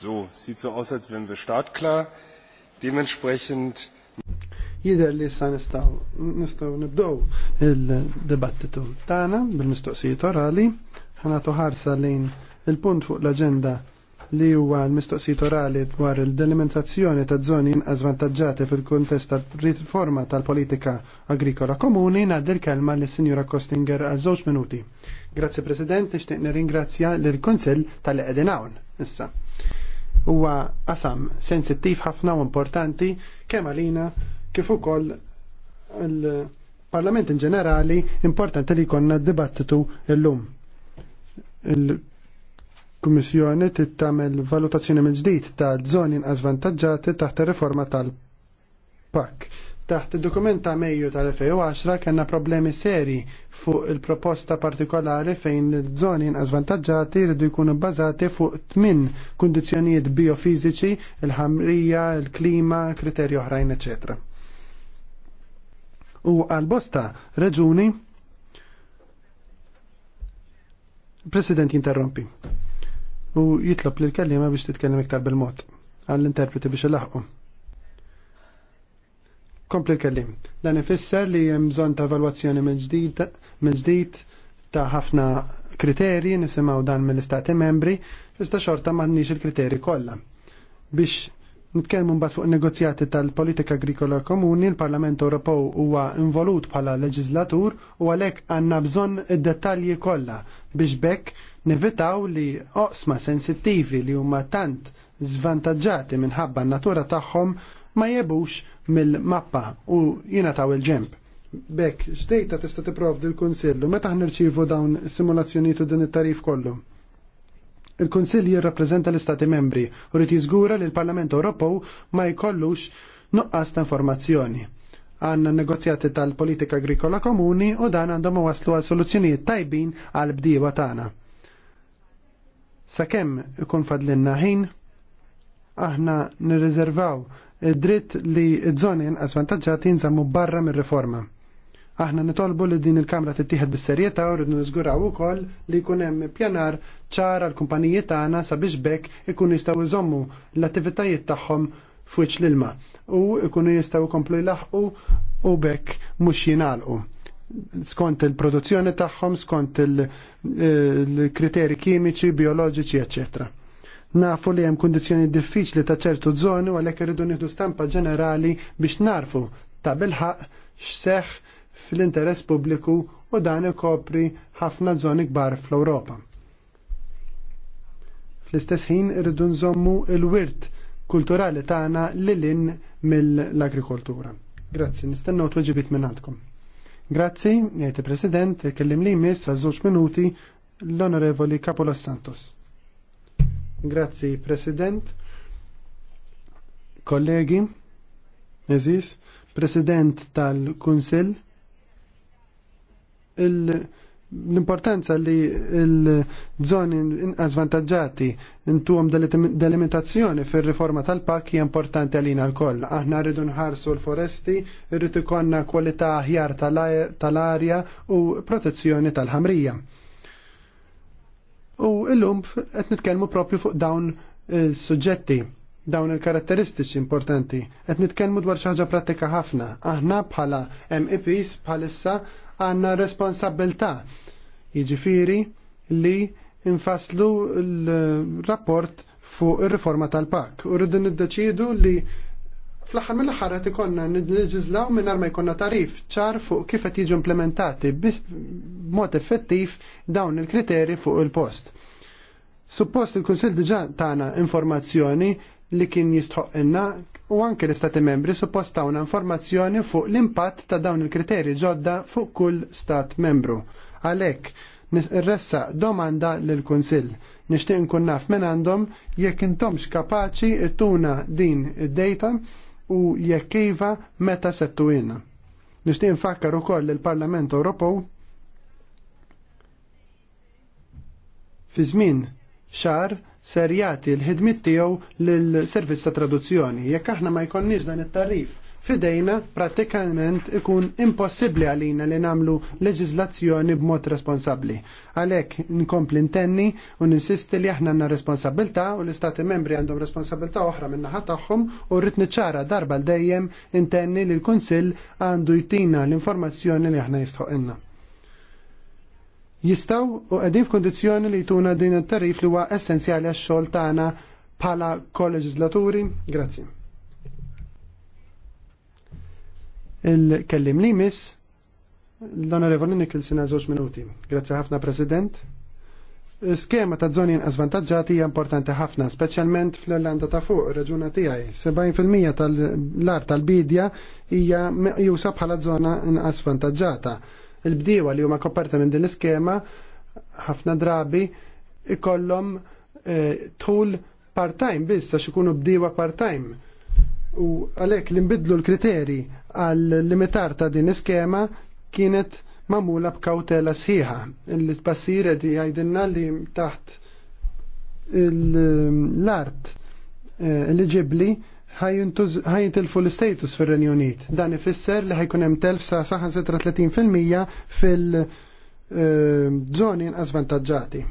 So, sieht so aus, als wären wir startklar. Dementsprechend. Jider li sa nistaw, nistaw nibdow il debattitu tana bil-mistoqsijiet orali, ħanatu ħarsa lejn il-punt fuq l-agenda li huwa l-mistoqsijiet orali dwar il-delimentazzjoni ta' zoni inqas fil-kuntest tal-riforma tal-politika agrikola komuni nad l-kelma lis sinjura Kostinger għal żewġ minuti. Grazie President, nixtieq nirringrazzja lill konsell tal edenawn issa huwa qasam sensittiv ħafna u importanti kemm għalina kif ukoll il-Parlament in ġenerali importanti li jkollna dibattitu llum. Il-Kummissjoni tagħmel valutazzjoni mill ġdid ta' żoni inqas vantaġġati taħt ir-riforma tal-PAK Taħt il-dokument ta' Mejju tal-2010 kena problemi seri fuq il-proposta partikolari fejn l-żoni nqasvantaġġati rridu jkunu bbażati fuq tmin kundizzjonijiet biofiżiċi, il-ħamrija, il-klima, kriterji oħrajn, ecc. U għal-bosta reġuni. President jinterrompi u jitlob l-kellima biex titkellem iktar bil-mod għall-interpreti biex il-laħqu. Kompli l-kellim. Dan ifisser li hemm bżonn ta' evalwazzjoni minn ġdid ta' ħafna kriterji nisimgħu dan mill-istati membri, iżda xorta m'għandniex il-kriterji kollha. Biex nitkellmu mbagħad fuq negozjati tal-politika agrikola komuni, il-Parlament Ewropew huwa involut bħala leġislatur u għalhekk għandna bżonn id-dettalji kollha biex bekk nevitaw li oqsma sensittivi li huma tant zvantaġġati minħabba n-natura tagħhom ma jebux mill-mappa u jina taw il-ġemp. Bekk, x'dejta tista' tipprovdi l-Kunsillu meta ħnirċievu dawn simulazzjonijiet u din it-tarif kollu? Il-Kunsill jirrappreżenta l-Istati membri u rrid jiżgura li l-Parlament Ewropew ma jkollux nuqqas ta' informazzjoni. Għanna negozjati tal-politika agrikola komuni u dan għandhom waslu għal soluzzjonijiet tajbin għal bdiewa tagħna. Sakemm ikun fadlinna ħin, aħna nirriservaw dritt li d-żoni inqas vantaġġati jinżammu barra mir-riforma. Aħna nitolbu li din il-Kamra tittieħed bis-serjetà u rridu niżguraw ukoll li jkun hemm pjanar ċar għal kumpaniji tagħna sabiex bekk ikun jistgħu jżommu l-attivitajiet tagħhom fuq l-ilma u ikunu jistgħu jkomplu jlaħqu u bekk mhux jingħalqu skont il-produzzjoni tagħhom, skont eh, il-kriteri kimiċi, bioloġiċi, eccetera. Nafu li hemm kundizzjoni diffiċli ta' ċertu żoni għalhekk irridu nieħdu stampa ġenerali biex narfu ta' bilħaq x'seħħ fl-interess pubbliku u dan ikopri ħafna żoni kbar fl-Ewropa. Fl-istess ħin irridu nżommu l-wirt kulturali tagħna lilin mill-agrikoltura. Grazzi, nistennew tweġibit minn għandkom. Grazzi, jgħid President, kellim li jmiss għal żewġ minuti l-Onorevoli Capola Santos. Grazzi, President. Kollegi, eżis, President tal-Kunsill. L-importanza li l-żoni azvantagġati vantaġġati delimitazzjoni fir-riforma tal-pak hija importanti għalina l-koll. Aħna rridu nħarsu l-foresti, rridu konna kwalità aħjar tal-arja u protezzjoni tal-ħamrija U illum qed nitkellmu propju fuq dawn il-suġġetti, dawn il-karatteristiċi importanti. Qed nitkellmu dwar xi ħaġa pratika ħafna. Aħna bħala MEPs bħalissa għandna responsabilità. Jiġifieri li infaslu l-rapport fuq ir-riforma tal-PAK. U rridu niddeċiedu li Fl-aħħar mill-aħħar qed ikollna nilleġislaw mingħajr ma jkollna tarif ċar fuq kif qed jiġu implementati b'mod effettiv dawn il-kriterji fuq il-post. Suppost il-Kunsill diġà tagħna informazzjoni li kien inna u anke l-Istati membri suppost tawna informazzjoni fuq l-impatt ta' dawn il-kriterji ġodda fuq kull Stat membru. Għalhekk, nirressa domanda lil kunsill Nixtieq nkun naf minn għandhom jekk intomx kapaċi ittuna din id-data u jekk iva meta settu jena. Nixtieq u ukoll il-Parlament Ewropew fi żmien xar ser jagħti l-ħidmit tiegħu lill-servizz ta' traduzzjoni. Jekk aħna ma jkollniex dan it-tarif fidejna pratikament ikun impossibbli għalina li namlu leġizlazzjoni b'mod responsabbli. Għalhekk nkompli intenni u ninsisti li aħna għandna responsabilità u l-istati membri għandhom responsabilità oħra minn naħa tagħhom u rrit niċċara darba l dejjem intenni li l-Kunsill għandu jtina l-informazzjoni li aħna jistħoqilna. Jistaw u qegħdin f'kondizzjoni li jtuna din it-tarif li huwa essenzjali għax-xogħol tagħna bħala kolleġislaturi. Grazzi. Il-kellim li miss l-Onorevoli Nikilsina zoċ minuti. Grazie ħafna, President. Skema ta' zoni azvantagġati hija importanti ħafna, speċjalment fl-Irlanda ta' fuq, reġuna tiegħi. 70% tal-art tal-bidja hija jusa bħala żona inqas Il-bdiewa li huma koperta minn din l-iskema ħafna drabi ikollhom eh, tul part-time biss għax ikunu bdiewa part-time U għalhekk li nbidlu l-kriteri għal limitar ta' din iskema kienet mamula b'kawtela sħiħa. Il-tbassir qed jgħidilna li taħt l-art eh, eligibli ħajintilfu l-status fir renju Unit. Dan ifisser li ħajkun hemm telf sa saħan 30% fil- żoni eh, inqas vantaġġati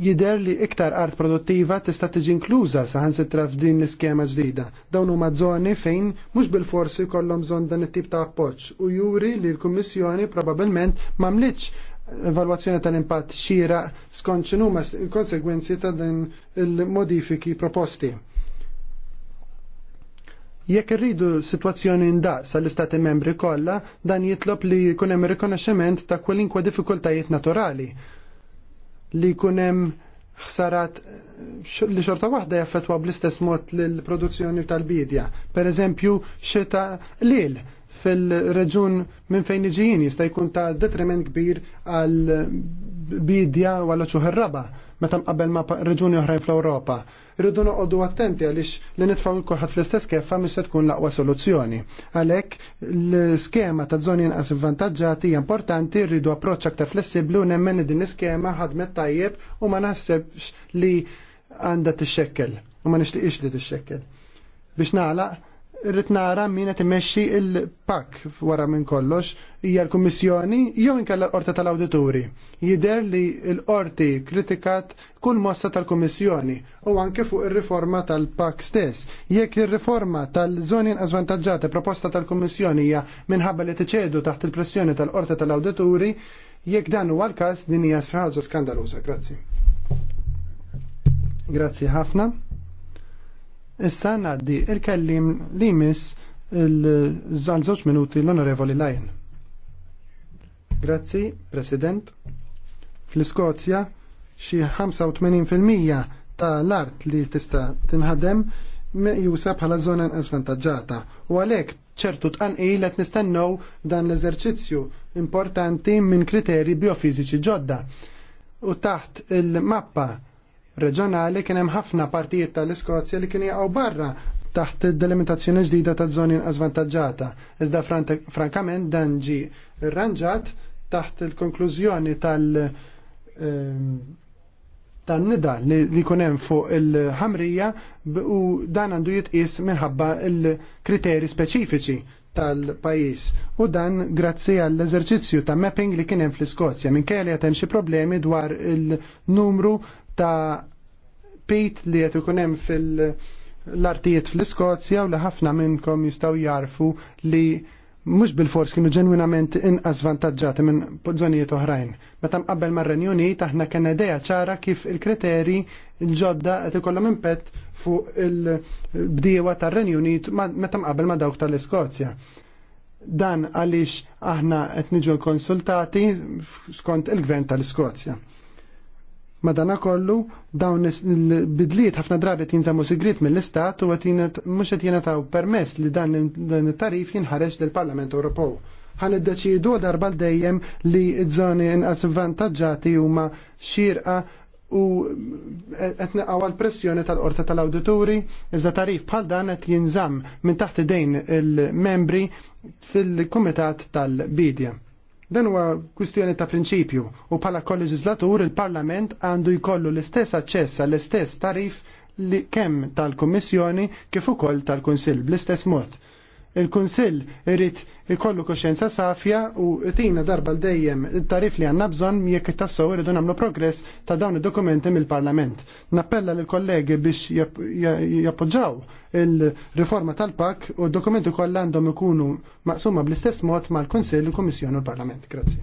jider li iktar art produttiva tista' tiġi inkluża saħansitra f'din l-iskema ġdida. Dawn huma żoni fejn mhux bil-forsi kollhom bżonn dan it-tip ta' appoġġ u juri li l-Kummissjoni probabbilment m'għamlitx evalwazzjoni tal-impatt xira skont x'inhu l-konsegwenzi ta' din il-modifiki proposti. Jekk irridu sitwazzjoni ndaq għall istati membri kollha, dan jitlob li jkun hemm rikonoxximent ta' kwalinkwa diffikultajiet naturali li kunem ħsarat li xorta waħda jaffetwa bl-istess mod l-produzzjoni tal-bidja. Per eżempju, xeta lil fil-reġun minn fejn iġijin jista' jkun ta' detriment kbir għal bidja u għal ċuħ raba meta mqabel ma' reġuni oħrajn fl-Ewropa. Rridu noqogħdu attenti għaliex li nitfgħu l kulħadd fl-istess kefa mis se tkun l-aqwa soluzzjoni. Għalhekk l iskema ta' żoni inqas ivvantaġġati hija importanti, rridu approċċ aktar flessibbli u nemmen din l-iskema ħadmet tajjeb u ma naħsebx li għandha tixxekkel u ma nixtieqx li tixxekkel. Biex nagħlaq rrit nara min qed imexxi il-pak wara minn kollox hija l-Kummissjoni jew inkella l-Qorti tal-Awdituri. Jidher li l-Qorti kritikat kull mossa tal-Kummissjoni u anke fuq ir-riforma tal-pak stess. Jekk ir-riforma tal-żoni nqasvantaġġati proposta tal-Kummissjoni hija minħabba li tiċedu taħt il-pressjoni tal-Qorti tal-Awdituri, jekk dan huwa l-każ din hija ħaġa skandaluża. Grazzi. Grazzi ħafna. Issa ngħaddi il-kellim li jmiss żal żewġ minuti l-Onorevoli Lajn. Grazzi, President. Fl-Iskozja xi 85% ta' l-art li tista' tinħadem meqjusa bħala żona svantaġġata u għalhekk ċertu tqanqi qed nistennew dan l-eżerċizzju importanti minn kriteri biofiżiċi ġodda. U taħt il-mappa reġjonali kien hemm ħafna partijiet tal-Iskozja li kienu jaqgħu barra taħt delimitazzjoni ġdida ta' żoni azvantaġġata. Iżda frankament dan ġi rranġat taħt il-konklużjoni tal- ehm, tan-nida li jkun hemm fuq il-ħamrija u dan għandu jitqis minħabba il-kriteri speċifiċi tal-pajis. U dan grazzi għall-eżerċizzju ta' mapping li kien hemm fl-Iskozja. Minkejja li hemm xi problemi dwar il-numru ta' pit li qed ikun hemm fil-artijiet fl-Iskozja u li ħafna minnkom jistgħu jarfu li mhux bil-fors kienu ġenwinament inqas vantaġġati minn żonijiet oħrajn. Meta mqabbel mar-Renju Unit aħna idea ċara kif il-kriteri l-ġodda qed ikollhom impett fuq il-bdiewa tar-Renju Unit meta mqabbel ma' dawk tal-Iskozja. Dan għaliex aħna qed niġu konsultati skont il-Gvern tal-Iskozja. Madanakollu dawn il-bidliet ħafna drabi jinżammu sigrit mill-Istat u għet mux qed jingħataw permess li dan it-tarif jinħareġ lill-Parlament Ewropew. id-deċidu darba dejjem li ż-żoni vantagġati u huma xirqa u qed għal pressjoni tal-qorta tal-awdituri, iżda tarif bħal dan qed jinżamm minn taħt idejn il-membri fil-Kumitat tal-Bidja. Dan huwa kwistjoni ta' prinċipju u bħala kolleġislatur il-Parlament għandu jkollu l-istess aċċess għall-istess tarif li kemm tal-Kummissjoni kif ukoll tal-Kunsill bl-istess mod. Il-Kunsill irrid ikollu koxjenza safja u tina darba l-dejjem tarif li għanna bżon jekk tassaw irridu nagħmlu progress ta' dawn id-dokumenti mill-Parlament. Nappella lill-kollegi biex jappoġġaw il-riforma tal-PAK u d-dokumenti kollha għandhom ikunu maqsuma bl-istess mod mal-Kunsill, il-Kummissjoni u l-Parlament. Grazzi.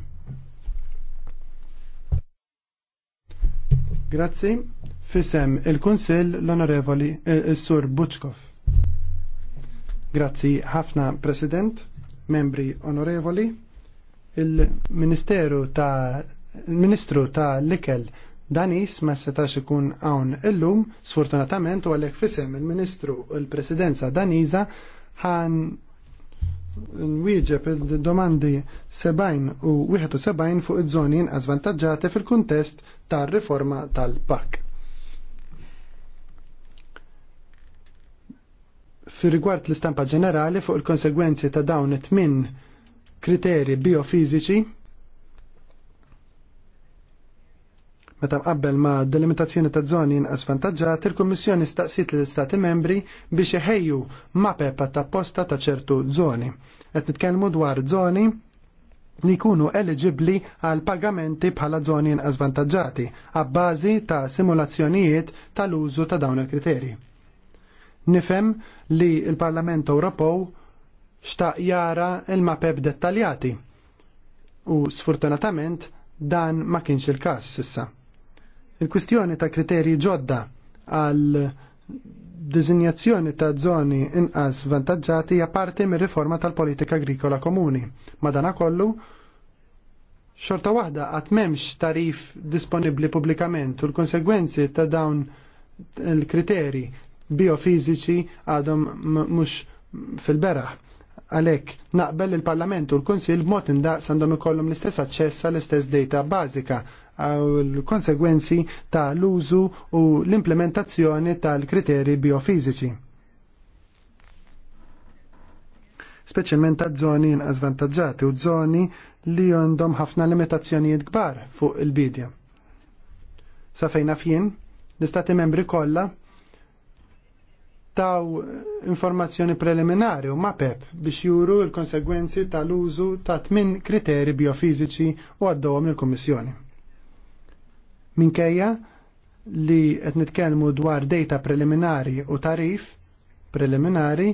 Grazzi. Fisem il-Kunsill l-Onorevoli eh, il-Sur Buċkov. Grazzi ħafna President, membri onorevoli, il-Ministeru ta' il-Ministru ta' l-Ikel Danis ma setax ikun hawn illum, sfortunatament u għalhekk fisem il-Ministru il-Presidenza Daniza ħan nwieġeb il-domandi 70 u 71 fuq iż-żoni inqas fil-kuntest tar-riforma tal-PAK. fir rigward l-istampa ġenerali fuq il-konsegwenzi ta' dawn it-tmin kriteri biofiziċi Meta mqabbel ma' delimitazzjoni ta' zoni inqas vantaġġat, il-Kummissjoni staqsit lill istati membri biex iħejju mapep ta' posta ta' ċertu zoni. Qed nitkellmu dwar zoni li jkunu eligibbli għal pagamenti bħala zoni inqas vantaġġati, għabbażi ta' simulazzjonijiet tal-użu ta' dawn il-kriterji. Nifem li il-Parlament Ewropew xtaq jara il-mapeb dettaljati u sfortunatament dan ma kienx il-każ issa. Il-kwistjoni ta' kriterji ġodda għal dizinjazzjoni ta' zoni inqas vantaġġati hija parti mir riforma tal-politika agrikola komuni. Madanakollu, xorta waħda għat m'hemmx tarif disponibbli pubblikament u l-konsegwenzi ta' dawn il-kriteri biofiziċi għadhom mhux fil-beraħ. Għalhekk naqbel il-Parlament u l-Kunsill b'mod indaqs għandhom ikollhom l-istess aċċess għall-istess data bażika għaw l-konsegwenzi ta' l-użu u l-implementazzjoni tal-kriteri biofiziċi. Speċjalment ta' zoni inqas u zoni li għandhom ħafna limitazzjonijiet kbar fuq il-bidja. Sa fejna fien, l-istati membri kollha taw informazzjoni preliminari u pep biex juru l-konsegwenzi tal-użu ta' tmin kriteri biofiziċi u għaddawom il-Kummissjoni. Minkejja li qed nitkellmu dwar data preliminari u tarif preliminari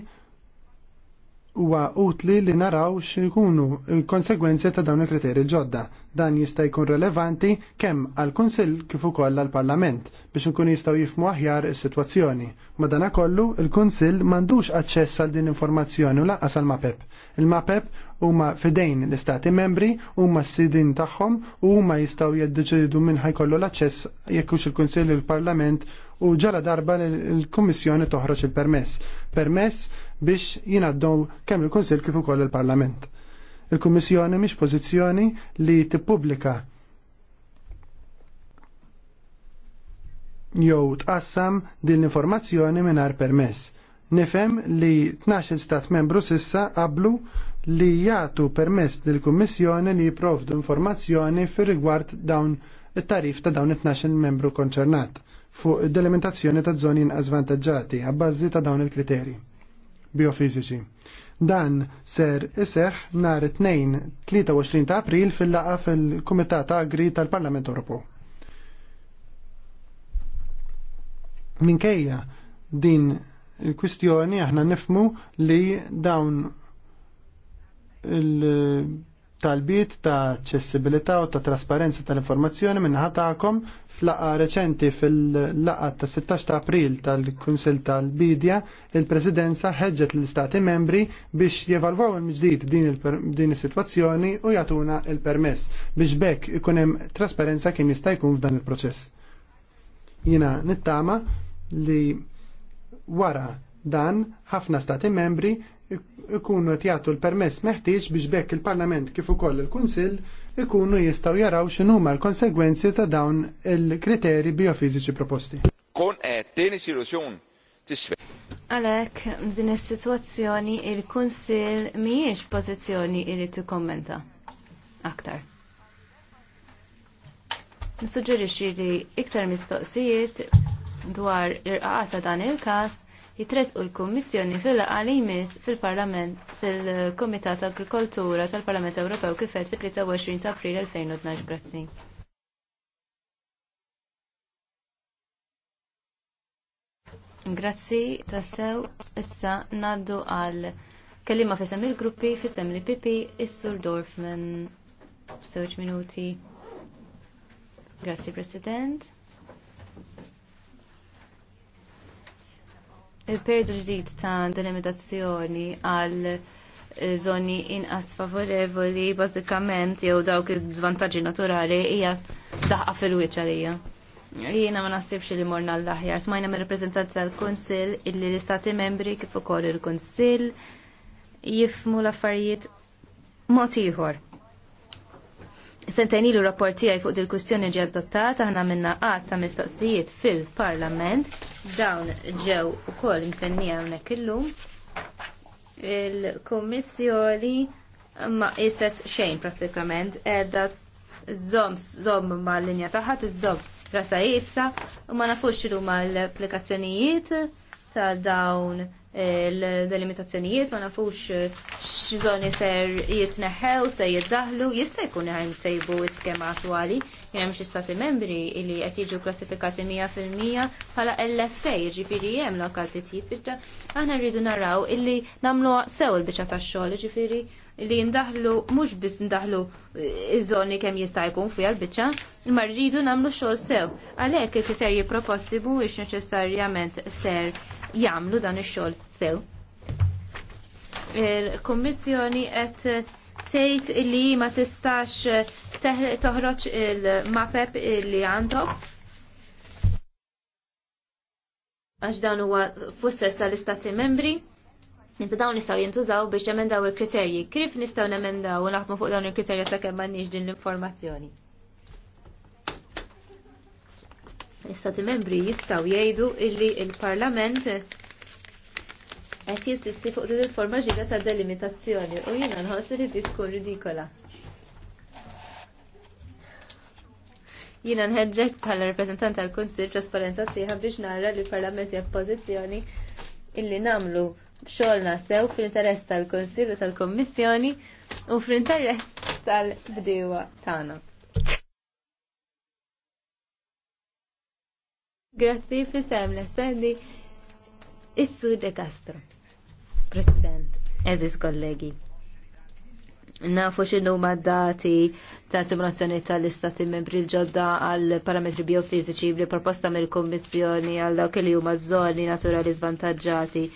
huwa utli li naraw x'ikunu l-konsegwenzi ta' dawn il-kriterji ġodda. Dan jista' jkun relevanti kemm għal kunsill kif ukoll għal parlament biex inkunu jistgħu jifmu aħjar is-sitwazzjoni. Madanakollu, il-kunsill m'għandux aċċess għal din informazzjoni u laqas għal mapep. Il-mapep huma fidejn l-istati membri, huma s-sidin tagħhom u huma jistgħu jiddeċidu minn ħajkollu l-aċċess jekk hux il-kunsill il-parlament u ġala darba l-Kummissjoni toħroġ il-permess permess biex jingħaddew kemm il konsil kif ukoll il-Parlament. Il-Kummissjoni mhix pożizzjoni li tippubblika jew tqassam din l-informazzjoni mingħajr permess. Nifhem li 12 stat membru sissa qablu li jagħtu permess lill kummissjoni li jipprovdu informazzjoni fir rigward dawn it-tarif ta' dawn it-12 membru konċernat fuq delimitazzjoni ta' zoni inqasvantaġġati għabbażi ta' dawn il-kriteri biofiziċi. Dan ser iseħ nar 2-23 ta' april fil-laqa fil-Kumitat Agri tal-Parlament Ewropew. Minkejja din il-kwistjoni aħna nifmu li dawn il- tal-bit ta' ċessibilità u ta' trasparenza tal-informazzjoni min-naħa ta'kom fl-laqqa reċenti fil-laqqa ta' 16 ta' april tal-Kunsil tal-Bidja, il-Presidenza ħeġġet l-Istati membri biex jevalvaw il-ġdid din is-sitwazzjoni u jatuna il-permess biex bekk ikun hemm trasparenza kemm jista' jkun f'dan il-proċess. Jiena nittama li wara dan ħafna stati membri ikunu jagħtu l-permess meħtieġ biex bekk il-Parlament kif ukoll il-Kunsill ikunu jistgħu jaraw x'inhuma l-konsegwenzi ta' dawn il-kriteri biofiżiċi proposti. Kon qed tieni soluzzjon tisfe. Għalhekk din is-sitwazzjoni il-Kunsill mhijiex pożizzjoni irid tikkommenta aktar. Nissuġġerixxi li iktar mistoqsijiet dwar ir ta' dan il-każ jitresqu l-Kummissjoni fil-laqali jmiss fil-Parlament fil-Komitat Agrikoltura tal-Parlament Ewropew kifet fit-23 ta' April 2012. Grazzi. Grazzi tassew issa naddu għal kellima fissem il-gruppi fissem li pp is-Sur Dorfman. Sewġ minuti. Grazzi President. il-periodu ġdid ta' delimitazzjoni għal eh, zoni inqas favorevoli bażikament jew dawk iż-żvantaġġi naturali hija daħqa fil-wiċċ għalija. Jiena ma naħsibx li morna l-aħjar, smajna me rappresentanti tal-Kunsill illi l-Istati membri kif ukoll il-Kunsill jifmu l-affarijiet mod ieħor. Sentajni l rapporti għaj fuq dil-kustjoni ġi adottata ħna minna għad ta' mistoqsijiet fil-parlament dawn ġew u koll mtenni unek illum il komissjoni ma jiset xejn pratikament edda zom zom ma l-linja taħat zom rasa jibsa u ma nafux xinu ma l-applikazzjonijiet ta' dawn l-delimitazzjonijiet, ma nafux eh, x'żoni ser jitneħħew, se jiddaħlu, jista' jkun hemm tejbu iskema attwali, hemm xi stati membri li qed jiġu klassifikati 100% bħala LFA, ġifieri hemm lokal titjib, aħna rridu naraw illi nagħmlu sew il-biċċa tax-xogħol, ġifieri li ndaħlu mhux biss ndaħlu eh, iż-żoni kemm jista' jkun fiha l-biċċa, imma rridu nagħmlu xogħol sew. Għalhekk il-kriterji proposti mhuwiex neċessarjament ser jagħmlu dan ix-xogħol sew. Il-Kummissjoni qed tgħid li ma tistax eh, toħroġ il mafeb li għandhom għax dan huwa f'possess tal-istati membri Inta dawn nistaw jintużaw biex nemendaw il-kriterji. Kif nistgħu nemendaw u naħdmu fuq dawn il-kriterji sakemm m'għandniex din l-informazzjoni? istati membri jistgħu jgħidu illi il-Parlament qed jinsisti fuq din il-forma ġida ta' delimitazzjoni u jiena nħoss li din tkun ridikola. jina nħedġek bħala rappresentant tal kunsill trasparenza sieħa biex nara li l-Parlament hija pożizzjoni illi namlu xogħolna sew fl-interess tal-Konsil u tal-Kommissjoni u fl-interess tal-bdiewa tagħna. Grazzi sem l-essendi Issu de Castro. President, eżis kollegi nafu xinu dati ta' simulazzjoni tal-istati membri l-ġodda għal parametri biofiziċi li proposta mill kommissjoni għal dawk li huma żoni naturali zvantagġati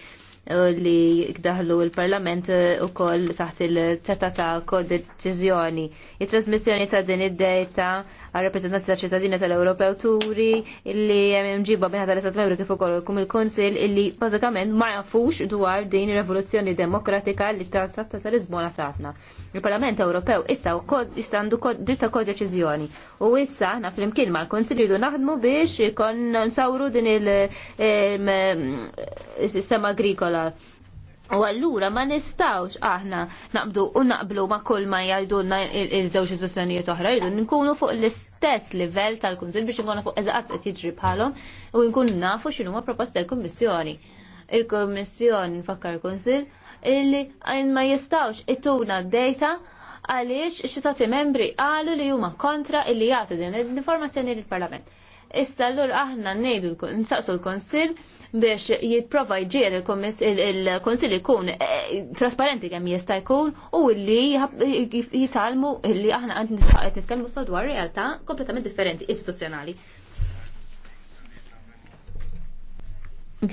li jikdaħlu il-Parlament e, u koll taħt il-teta ta' kod deċizjoni. Il-trasmissjoni ta' din id dejta għal rappresentanti ta' ċittadini tal-Ewropew turi illi Mġibba ġibba tal-Istat Membri kif ukoll kum il konsil illi bażikament ma jafux dwar din ir-rivoluzzjoni demokratika li ta' tatta tal-Lisbona tagħna. Il-Parlament Ewropew issa issa għandu dritta kod deċiżjoni u issa aħna flimkien mal konsil jridu naħdmu biex ikon nsawru din il-sistema agrikola U allura ma nistawx aħna naqbdu u naqblu ma kull ma jajdunna il-żewġ sostenijiet oħra jridu nkunu fuq l-istess livell tal-Kunsill biex nkunu fuq eżaqat qed jiġri bħalhom u nkunu nafu x'inhu ma proposta l-Kummissjoni. Il-Kummissjoni nfakkar il-Kunsill illi ma jistawx ituna d dejta għaliex xi membri qalu li huma kontra illi jagħtu din l-informazzjoni lill-Parlament. Issa allura aħna ngħidu nsaqsu l-Kunsill biex jitprofa jġier il-Konsil ikun eh, trasparenti kemm jista' jkun u li jitalmu li aħna qed nitkellmu so dwar realtà kompletament differenti istituzzjonali.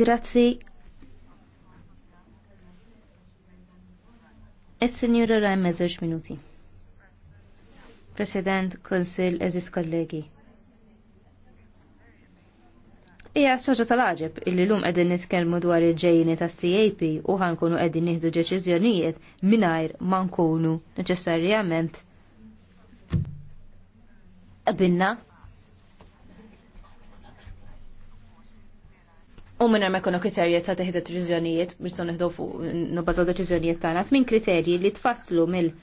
Grazzi. Is-Sinjura Rajm minuti. President, Konsil, Eżis kollegi. Ija soċa tal-ħġeb illi l-lum għedin nitkelmu dwar il-ġejni ta' CAP u ħankunu għedin nieħdu deċiżjonijiet minajr ma nkunu neċessarjament binna. U minna ma jkunu kriterji ta' teħda deċiżjonijiet biex son nħdu fuq nubbażaw deċiżjonijiet tagħna minn kriterji li tfasslu mill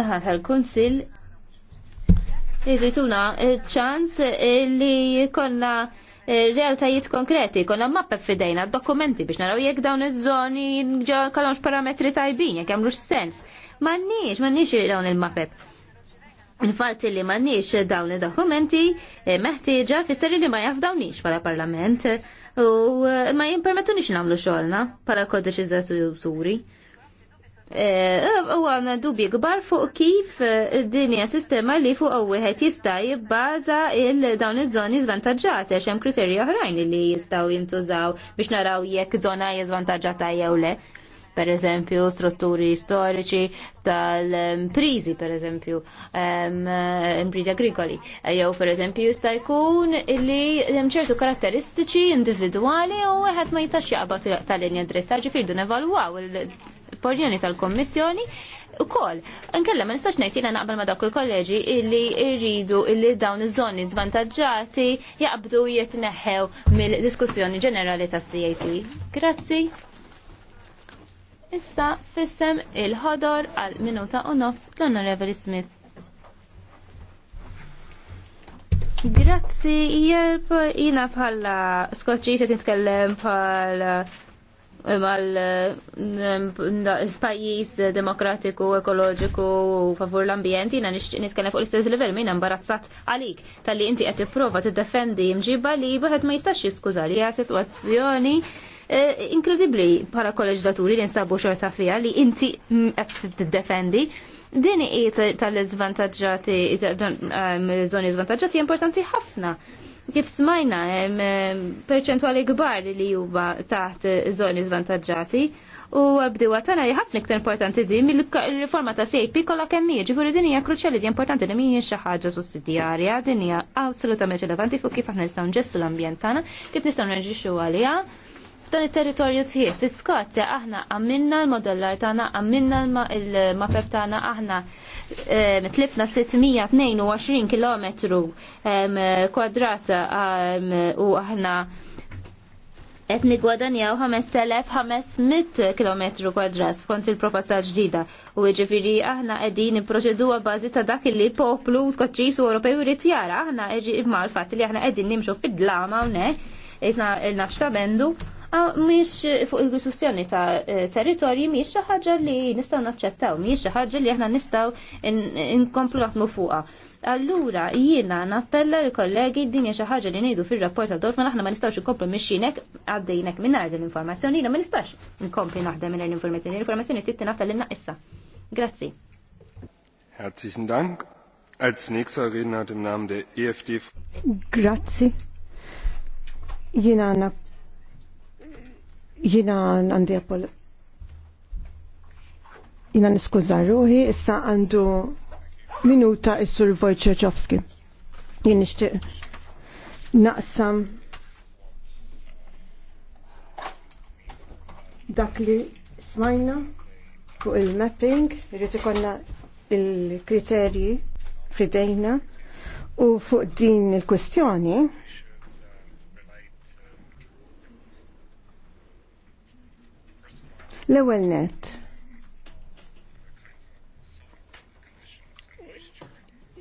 Naħat għal-Konsil irrituna ċans li konna eh, realtajiet konkreti, konna mappa fidejna, dokumenti biex naraw jekk dawn iż-żoni kalonx parametri tajbin, jekk għamlux sens. Mannix, mannix dawn il mappa Infatti li mannix dawn il-dokumenti eh, meħtieġa fisser li ma jafdawnix pala parlament u eh, ma jimpermettunix namlu xolna pala kodeċizzatu jużuri. Eh, u għanna dubi gbar fuq kif eh, dinja sistema li fuq għuħet jista jibbaza il-dawn iż-żoni zvantagġati, għax hemm kriterji oħrajn li jistaw jintużaw biex naraw jekk żona hija jew le per eżempju strutturi storiċi tal-imprizi, per eżempju, imprizi agrikoli. Jew per eżempju jista' jkun li hemm ċertu karatteristiċi individwali u wieħed ma jistax jaqbad tal-linja dritta, ġifieri nevalwaw il-porjoni tal-Kommissjoni u koll. nkellem ma nistax ngħid jiena naqbel ma dak il-kolleġi illi jridu illi dawn iż-żoni żvantaġġati jaqbdu jitneħħew mill-diskussjoni ġenerali tas-CAP. Grazzi. Issa fissem il-ħodor għal minuta u nofs l-Onorevoli Smith. Grazzi, jina bħalla skoċi qed nitkellem bħal mal-pajis mm, demokratiku, ekoloġiku, favur l-ambjent, jina nixtieq nitkellem fuq l-istess livell minn imbarazzat għalik tal-li inti qed tipprova tiddefendi mġibba li bħed ma jistax jiskuża li hija sitwazzjoni Eh, inkredibli para kolleġdaturi li nsabu xorta fija li inti mm, qed tiddefendi din i tal-izvantagġati, ehm, zoni izvantagġati importanti ħafna. Kif smajna, ehm, ehm, perċentuali gbar li juba taħt zoni izvantagġati, u għabdi għatana ħafna iktar importanti di mill-riforma ta' CIP kolla kemmi, ġifuri din hija kruċjali di importanti li mhijiex xi ħaġa sussidjarja, din hija assolutament rilevanti fuq kif aħna nistgħu nġestu l-ambjent tagħna, kif nistgħu nerġixxu għaliha f'dan it-territorju sħiħ. fis aħna għamilna l-modellar tagħna, għamilna l-mapep tagħna aħna ehm, tlifna 622 km kwadrata u aħna qed nigwadanjaw 5500 km kwadrat kont il-proposta ġdida u ġifiri aħna qegħdin nipproċedu bażi ta' dak li poplu skoċċis u Ewropew irid jara aħna l fatt li aħna qegħdin nimxu fid-dlama hawnhekk isna il bendu mhix fuq il-diskussjoni ta' eh, territorji mhix xi ħaġa li nistgħu naċċettaw, mhix xi ħaġa li aħna nistgħu nkomplu naħdmu fuqha. Allura jiena nappella l-kollegi din hija xi ħaġa li ngħidu fir-rapport ta' Dorfman aħna ma nistgħux inkomplu mixinek għaddejnek mingħajr din l-informazzjoni, jiena ma nistax inkompli naħdem minn l-informazzjoni, l-informazzjoni titti nafta li naqissa. Grazzi. Herzlichen Dank. Als nächster Redner hat im Namen der EFD. Grazie. Jina Jina għandi appol. Jina niskuza ruħi, issa għandu minuta is-sur Wojciechowski. Jien nixtieq naqsam dak li smajna fuq il-mapping, irrid ikollna il-kriterji fridejna u fuq din il-kwestjoni L-ewwel net.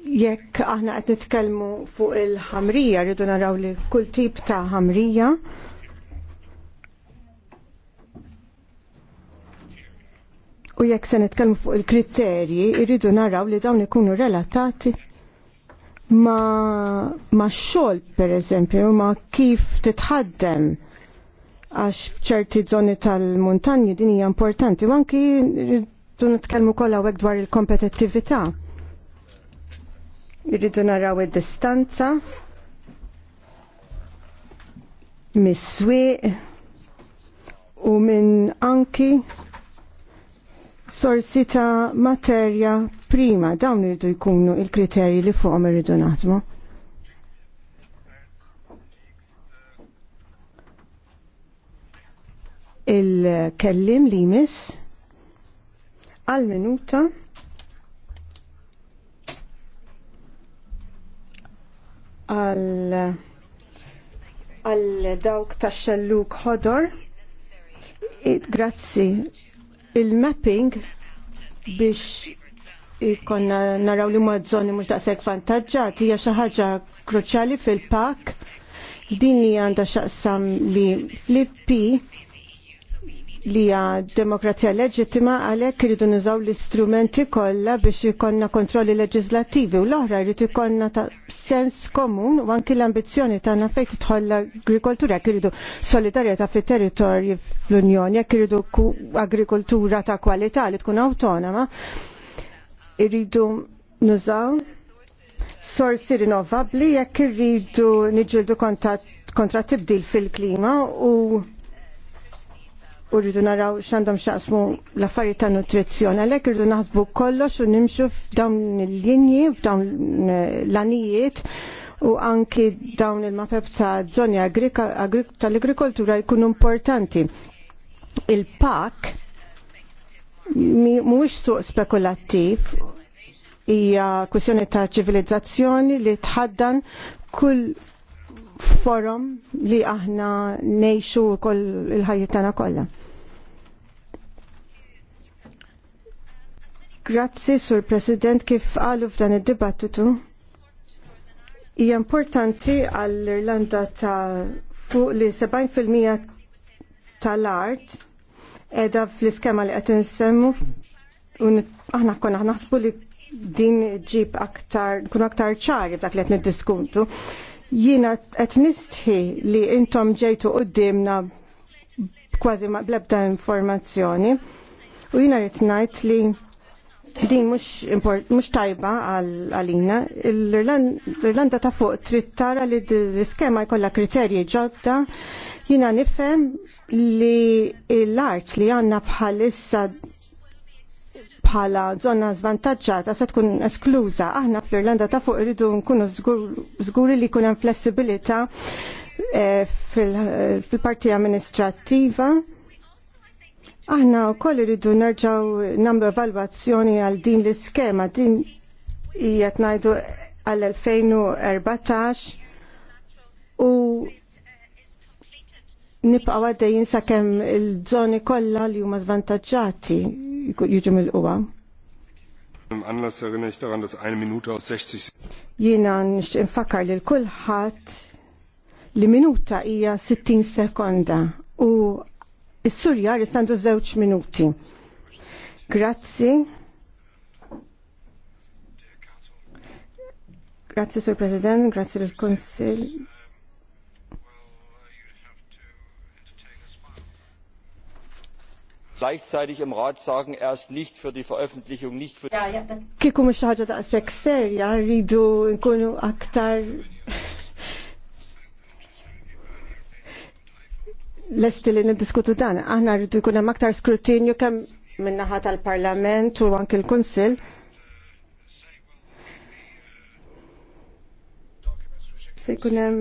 Jekk aħna qed nitkellmu fuq il-ħamrija, rridu naraw li kull tip ta' ħamrija U jekk se nitkellmu fuq il-kriterji, rridu naraw li dawn ikunu relatati ma, ma xol per eżempju, ma kif titħaddem għax f'ċerti zoni tal-montanji din hija importanti, u anki rridu nitkellmu kollha hawnhekk dwar il-kompetittività. Irridu naraw id-distanza mis-swieq u minn anki sorsi ta' materja prima dawn irridu jkunu il-kriterji li fuqhom irridu naħdmu. il-kellim li jmiss għal minuta għal dawk ta' xelluk ħodor. Grazzi. Il-mapping biex ikonna naraw li ma' zoni mux daqseg vantagġat hija xi ħaġa kruċjali fil-pak. Din li għandha xaqsam li flippi li hija demokrazija leġittima għalhekk iridu nużaw l-istrumenti kollha biex ikollna kontrolli leġislattivi u l-oħra jrid ikollna ta' sens komun u anki l-ambizzjoni tagħna fejn tidħol l-agrikoltura jekk iridu solidarjetà fit-territorji fl-Unjoni jekk iridu agrikoltura ta' kwalità li tkun awtonoma iridu nużaw sorsi rinnovabbli jekk irridu niġġieldu kontra tibdil fil-klima u u rridu naraw x'għandhom x'aqsmu l-affarijiet ta' nutrizzjoni. Għalhekk irridu naħsbu kollox u nimxu f'dawn il-linji, f'dawn eh, l-anijiet u anki dawn il mapeb ta' żoni tal-agrikoltura jkunu importanti. Il-pak mhuwiex suq spekulattiv hija kwestjoni ta' ċivilizzazzjoni li tħaddan kull forum li aħna nejxu kol il-ħajja tagħna kollha. Grazzi, Sur President, kif qalu f'dan id-dibattitu. Hija importanti għall-Irlanda ta' fuq li 70% tal-art edha fl-iskema li qed insemmu aħna konna naħsbu li din ġib aktar, kun aktar ċari f'dak li qed diskuntu. Jiena qed nistħi li intom ġejtu qudiemna kważi ma blebda informazzjoni u jiena rrid ngħid li din mux, tajba għalina. L-Irlanda ta' fuq trid tara li l-iskema jkolla kriterji ġodda. Jina nifhem li l-art li għanna bħalissa bħala zona zvantaġġata se tkun eskluża. Aħna fl-Irlanda ta' fuq irridu nkunu żguri li jkun hemm flessibilità eh, fil-parti amministrattiva. Aħna wkoll irridu nerġgħu nagħmlu evalwazzjoni għal din l-iskema din hija ngħidu għal 2014 u nibqa' għaddejjin sakemm il-żoni kollha li huma żvantaġġati jiġu mill-qwa. Anlass erinnere ich daran, dass eine Minute aus 60 Jiena nixtieq nfakkar lil kulħadd li minuta hija 60 sekonda u s-sur jar jistandu żewġ minuti. Grazzi. Grazzi, Sur President, grazzi lill konsil gleichzeitig im Rat sagen, er ist nicht für die Veröffentlichung, nicht für Kieku mux ħaġa ta' li niddiskutu dan. Aħna rridu jkun hemm aktar skrutinju kemm minn naħa tal-Parlament u anke l-Kunsill. Se jkun hemm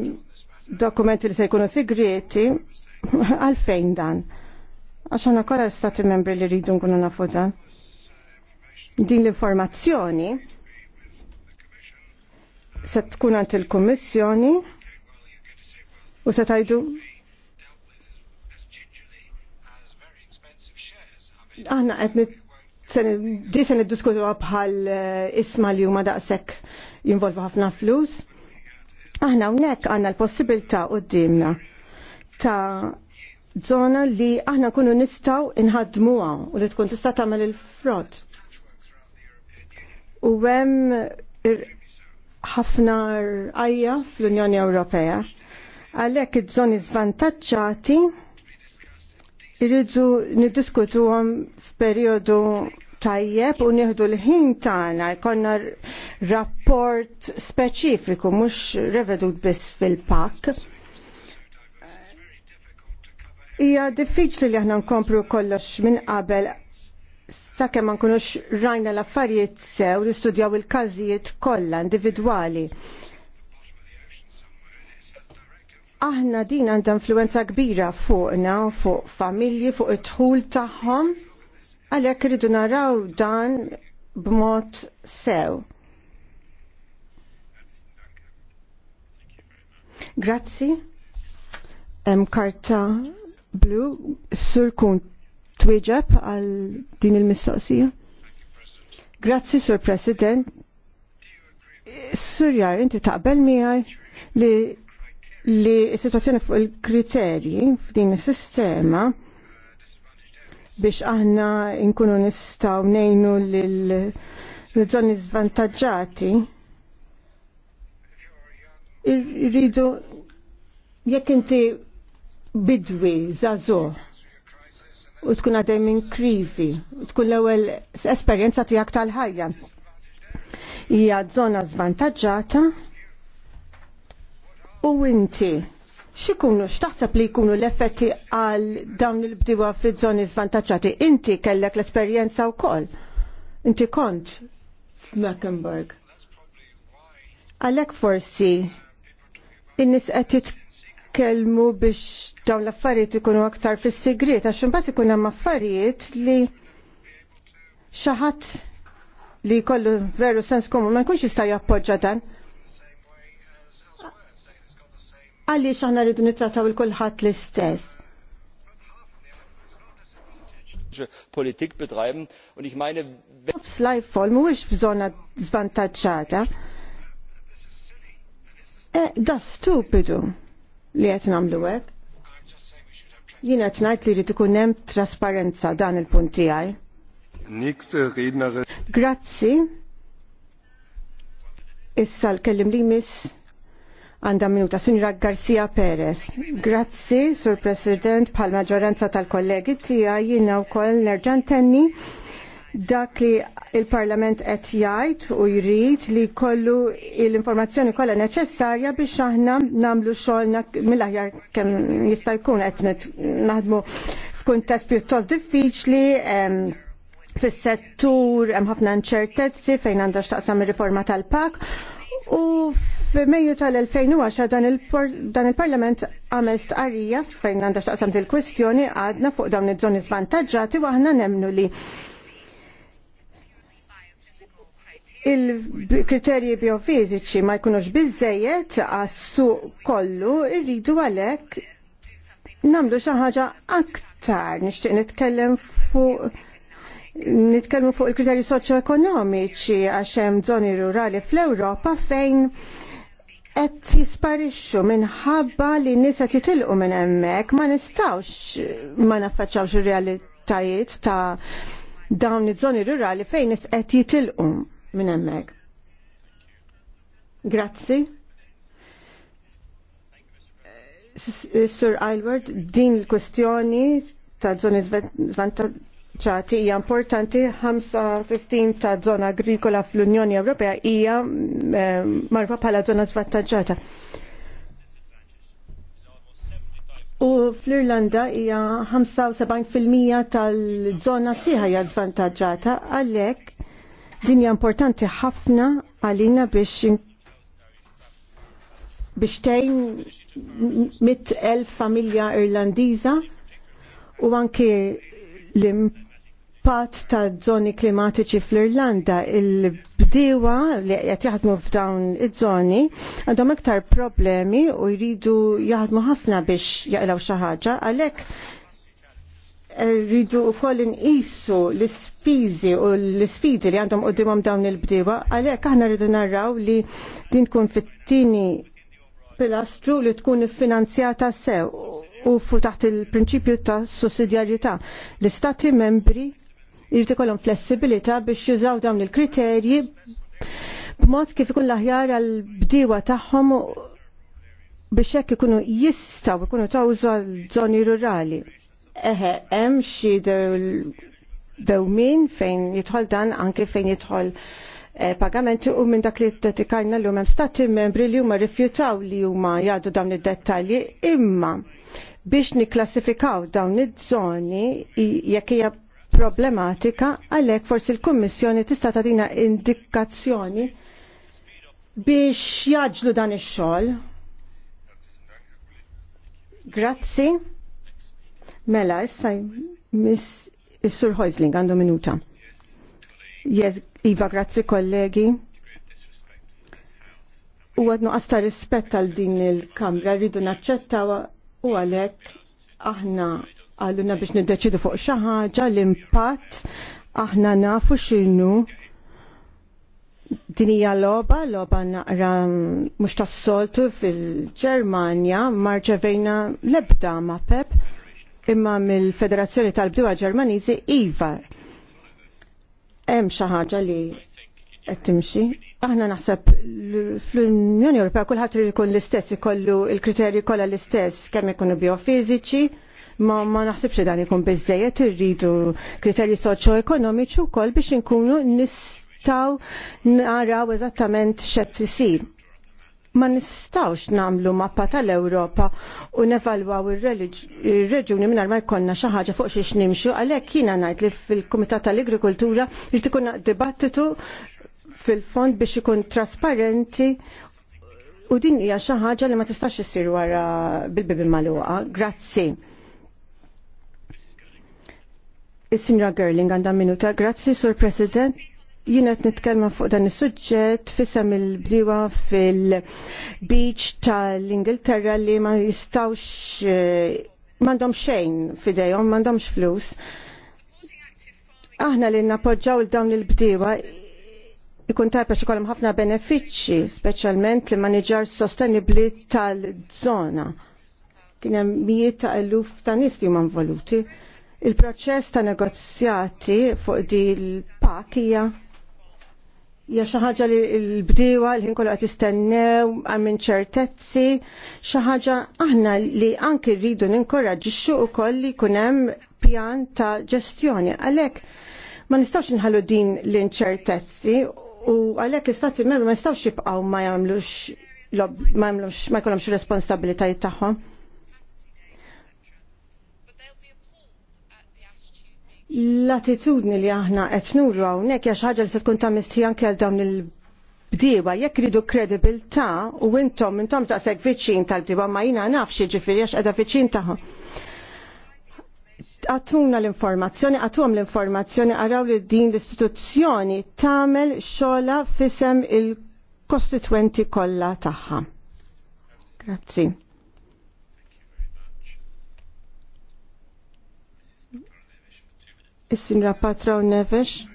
dokumenti li se jkunu sigreti għalfejn dan għaxan għana kolla stati membri li rridu nkunu nafu dan. Din l-informazzjoni se tkun għant il-Kommissjoni u se tajdu Aħna qed di se niddiskutu bħal eh, isma li huma daqshekk jinvolvu ħafna flus. Aħna hawnhekk għandna l-possibilità qudiemna ta' zona li aħna kunu nistaw inħadmuha u li tkun tista' tagħmel il-frod. U hemm ħafna rqajja fl-Unjoni Ewropea. Għalhekk iż-żoni żvantaġġati irridu niddiskutuhom f'perjodu tajjeb u nieħdu l-ħin tagħna jkollna rapport speċifiku mhux revedut biss fil-pakk Hija diffiċli li aħna nkompru kollox minn qabel sakemm ma nkunux rajna l-affarijiet sew nistudjaw il-każijiet kollha individwali. Aħna din għandha influenza kbira fuqna, fuq familji, fuq it-tħul tagħhom, għalhekk irridu naraw dan b'mod sew. Grazzi. Hemm karta Blu, sur kun tweġeb għal din il-mistoqsija? Grazzi, Sur President. Sur Jar, inti taqbel miħaj li li situazzjoni fuq il-kriterji f'din is-sistema biex aħna nkunu nistaw nejnu l-żoni zvantagġati irridu jekk inti bidwi, zazuħ u tkun għadej minn krizi, u tkun l-ewel esperienza tijak tal-ħajja. Hija zona zvantagġata u inti xikunu, xtaħseb li jkunu l-effetti għal dawn il-bdiwa fi zoni zvantagġati? Inti kellek l-esperienza u kol. Inti kont f'Mecklenburg. Għalek forsi in għetit qed kelmu biex dawn l-affarijiet ikunu aktar fis-sigriet għax imbagħad ikun hemm affarijiet li xi ħadd li jkollu veru sens komun ma jkunx jista' jappoġġa dan. Għaliex aħna rridu nittrattaw il-kulħadd l-istess. Politik betreiben und ich meine Slajfol mhuwiex bżona żvantaġġata. E, eh, da stupidu li qed nagħmlu hekk. Jien qed ngħid li jrid ikun hemm trasparenza dan il-punt tiegħi. Grazzi. Issa l-kellim li miss għanda minuta. Sinjura Garcia Perez. Grazzi, Sur President, pal maġoranza tal-kollegi tija jina u koll nerġan tenni dak li il-Parlament qed jgħid u jrid li kollu l-informazzjoni kollha neċessarja biex aħna nagħmlu xogħolna mill-aħjar kemm jista' jkun qed naħdmu f'kuntest pjuttost diffiċli fis-settur hemm ħafna inċertezzi fejn għandha x'taqsam ir-riforma tal-pak u f'Mejju tal-2010 dan il-Parlament għamel stqarrija fejn għandha x'taqsam il kwistjoni għadna fuq dawn iż-żoni żvantaġġati u aħna nemnu li il-kriterji biofiziċi ma jkunux bizzejiet għassu kollu, irridu għalek namlu xaħġa aktar, nishtiq nitkellem fuq nitkellmu fuq il-kriterji soċjoekonomiċi għax hemm żoni rurali fl-Ewropa fejn qed jisparixxu minħabba li n-nies qed jitilqu minn hemmhekk ma nistgħux ma naffaċċawx ir-realitajiet ta' dawn iż-żoni rurali fejn qed jitilqu minn hemmhekk. Grazzi. Sir Aylward, din il-kwestjoni ta' zoni zvantagġati hija importanti 15 ta' zona agrikola fl-Unjoni Ewropea hija ehm, marfa bħala zona zvantagġata. U fl-Irlanda hija 75% tal zona siħa hija żvantaġġata għalhekk Dinja importanti ħafna għalina biex biex tejn mit elf familja irlandiza u anke l impat ta' zoni klimatiċi fl-Irlanda il bdiwa li qed jaħdmu f'dawn iż-żoni għandhom iktar problemi u jridu jaħdmu ħafna biex jaqlaw xi ħaġa għalhekk rridu wkoll inqisu l-ispiżi u l-isfidi li għandhom qudiemhom dawn il bdiba għalhekk aħna rridu narraw li din tkun fit-tieni pilastru li tkun iffinanzjata sew u fu taħt il-prinċipju ta' sussidjarjetà. L-istati membri jrid ikollhom flessibilità biex jużaw dawn il-kriterji b'mod kif ikun l-aħjar għall bdiewa tagħhom biex hekk ikunu jistgħu ikunu tawżu l żoni rurali eħe, hemm xi dewmin fejn jidħol dan anke fejn jidħol eh, pagamenti u minn dak li t-tikarna hemm stati membri li huma rifjutaw li huma jgħaddu dawn id-dettalji imma biex niklassifikaw dawn id-żoni jekk hija problematika għalhekk forsi l-Kummissjoni tista' tagħtina indikazzjoni biex jaġlu dan ix-xogħol. Grazzi. Mela, issa miss Sur Hoisling għandu minuta. Yes, Iva, grazzi kollegi. U għadnu għasta rispetta għal din il-kamra, rridu naċċetta u għalek aħna għalluna biex niddeċidu fuq xaħġa l-impatt aħna nafu xinu dinija loba, loba naqra mux tassoltu fil-ġermania, vejna lebda ma pep imma mill-Federazzjoni tal-Bdua Ġermaniżi iva. Hemm xi ħaġa li qed timxi. Aħna naħseb fl-Unjoni Ewropea kulħadd irid ikun l-istess ikollu l-kriterji kollha l-istess kemm ikunu biofiżiċi, ma, ma naħsibx dan ikun biżejjed irridu kriterji soċjoekonomiċi ekonomiċi wkoll biex inkunu nistgħu naraw eżattament x'qed isir ma nistawx namlu mappa tal-Ewropa u nevalwaw ir-reġuni minn ma jkollna xi ħaġa fuq xiex nimxu, għalhekk jiena ngħid li fil-Kumitat tal agrikultura li ikun dibattitu fil-fond biex ikun trasparenti u din hija xi ħaġa li ma tistax issir wara bil bibi maluqa. Grazzi. Is-Sinjora Gerling għandha minuta. Grazzi, Sur President Jiena qed nitkellem fuq dan is-suġġett fisem il bdiwa fil-beach tal-Ingilterra li ma jistawx eh, m'għandhom xejn f'idejhom, m'għandhomx flus. Aħna li nappoġġaw il dawn il bdiwa ikun tajba xi kollhom ħafna benefiċċji, speċjalment li maniġar sostenibbli tal-żona. Kien hemm mijiet ta' eluf ta' nies li huma involuti. Il-proċess ta' negozjati fuq di l-pak hija Ja xi ħaġa li l bdiwa l-ħin kollu għat istennew għamin ċertezzi, xi ħaġa aħna li anki rridu ninkoraġġixxu wkoll li jkun hemm pjan ta' ġestjoni. Għalhekk ma nistgħux inħallu din l-inċertezzi u għalhekk l-istati ma jistgħux jibqgħu ma jagħmlux ma jamlux ma jkollomx responsabbilitajiet tagħhom. l-attitudni li aħna qed nuru hawnhekk għax ħaġa li se tkun ta' mistri anke dawn il bdiewa jekk ridu kredibilità u intom intom taqseg viċin tal-bdiewa ma jina nafx jiġifieri għax qiegħda viċin tagħhom għatuna l-informazzjoni, għatum l-informazzjoni, għaraw li din l-istituzzjoni tamel xola fisem il-kostituenti kolla taħħa. Grazzi. Is-Sinra u Neves.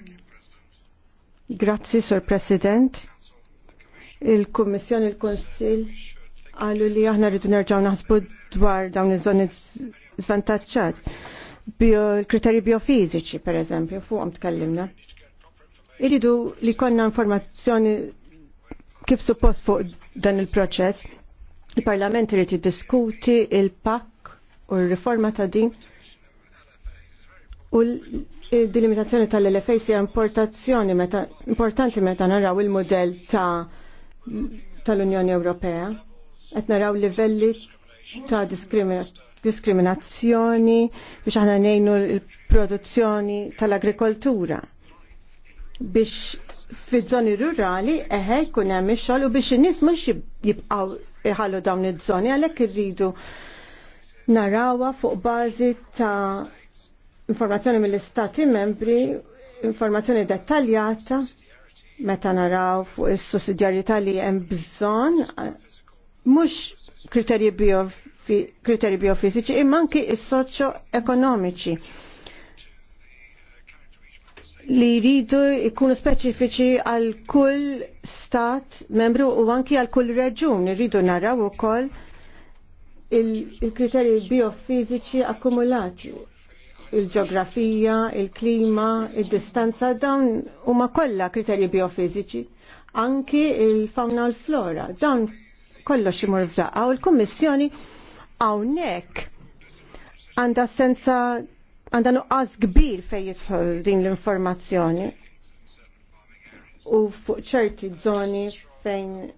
Grazzi, Sor President. Il-Kummissjoni, il-Konsil għallu li aħna rridu nerġaw naħsbu dwar dawn iż-żoni zvantaċċat. il kriteri biofiziċi, per eżempju, fuqhom tkellimna. Iridu li konna informazzjoni kif suppost fuq dan il-proċess. Il-Parlament irid jiddiskuti il-PAK u r-riforma ta' din U d-delimitazzjoni tal-LFAs hija importazzjoni meta importanti meta naraw il-modell ta' tal-Unjoni Ewropea. Qed naraw livelli ta' diskriminazzjoni biex aħna ngħinu l-produzzjoni tal-agrikoltura. Biex fil żoni rurali eħe jkun hemm ix-xogħol u biex in-nies mhux jibqgħu iħallu dawn iż-żoni għalhekk irridu narawha fuq bażi ta' informazzjoni mill-istati membri, informazzjoni dettaljata meta naraw fuq is-sussidjarjetà li hemm bżonn mhux kriterji kriterji biofiżiċi imma anki is-soċjo ekonomiċi li jridu jkunu speċifiċi għal kull stat membru u anki għal kull reġun jridu naraw ukoll il-kriterji biofiziċi akkumulati il-ġeografija, il-klima, il-distanza, dawn huma kollha kriterji biofiżiċi. Anki il-fauna u l-flora, dawn kollox imur f'daqqa u l-Kummissjoni hawnhekk għandha senza għandha nuqqas kbir fejn jidħol din l-informazzjoni u fuq ċerti żoni fejn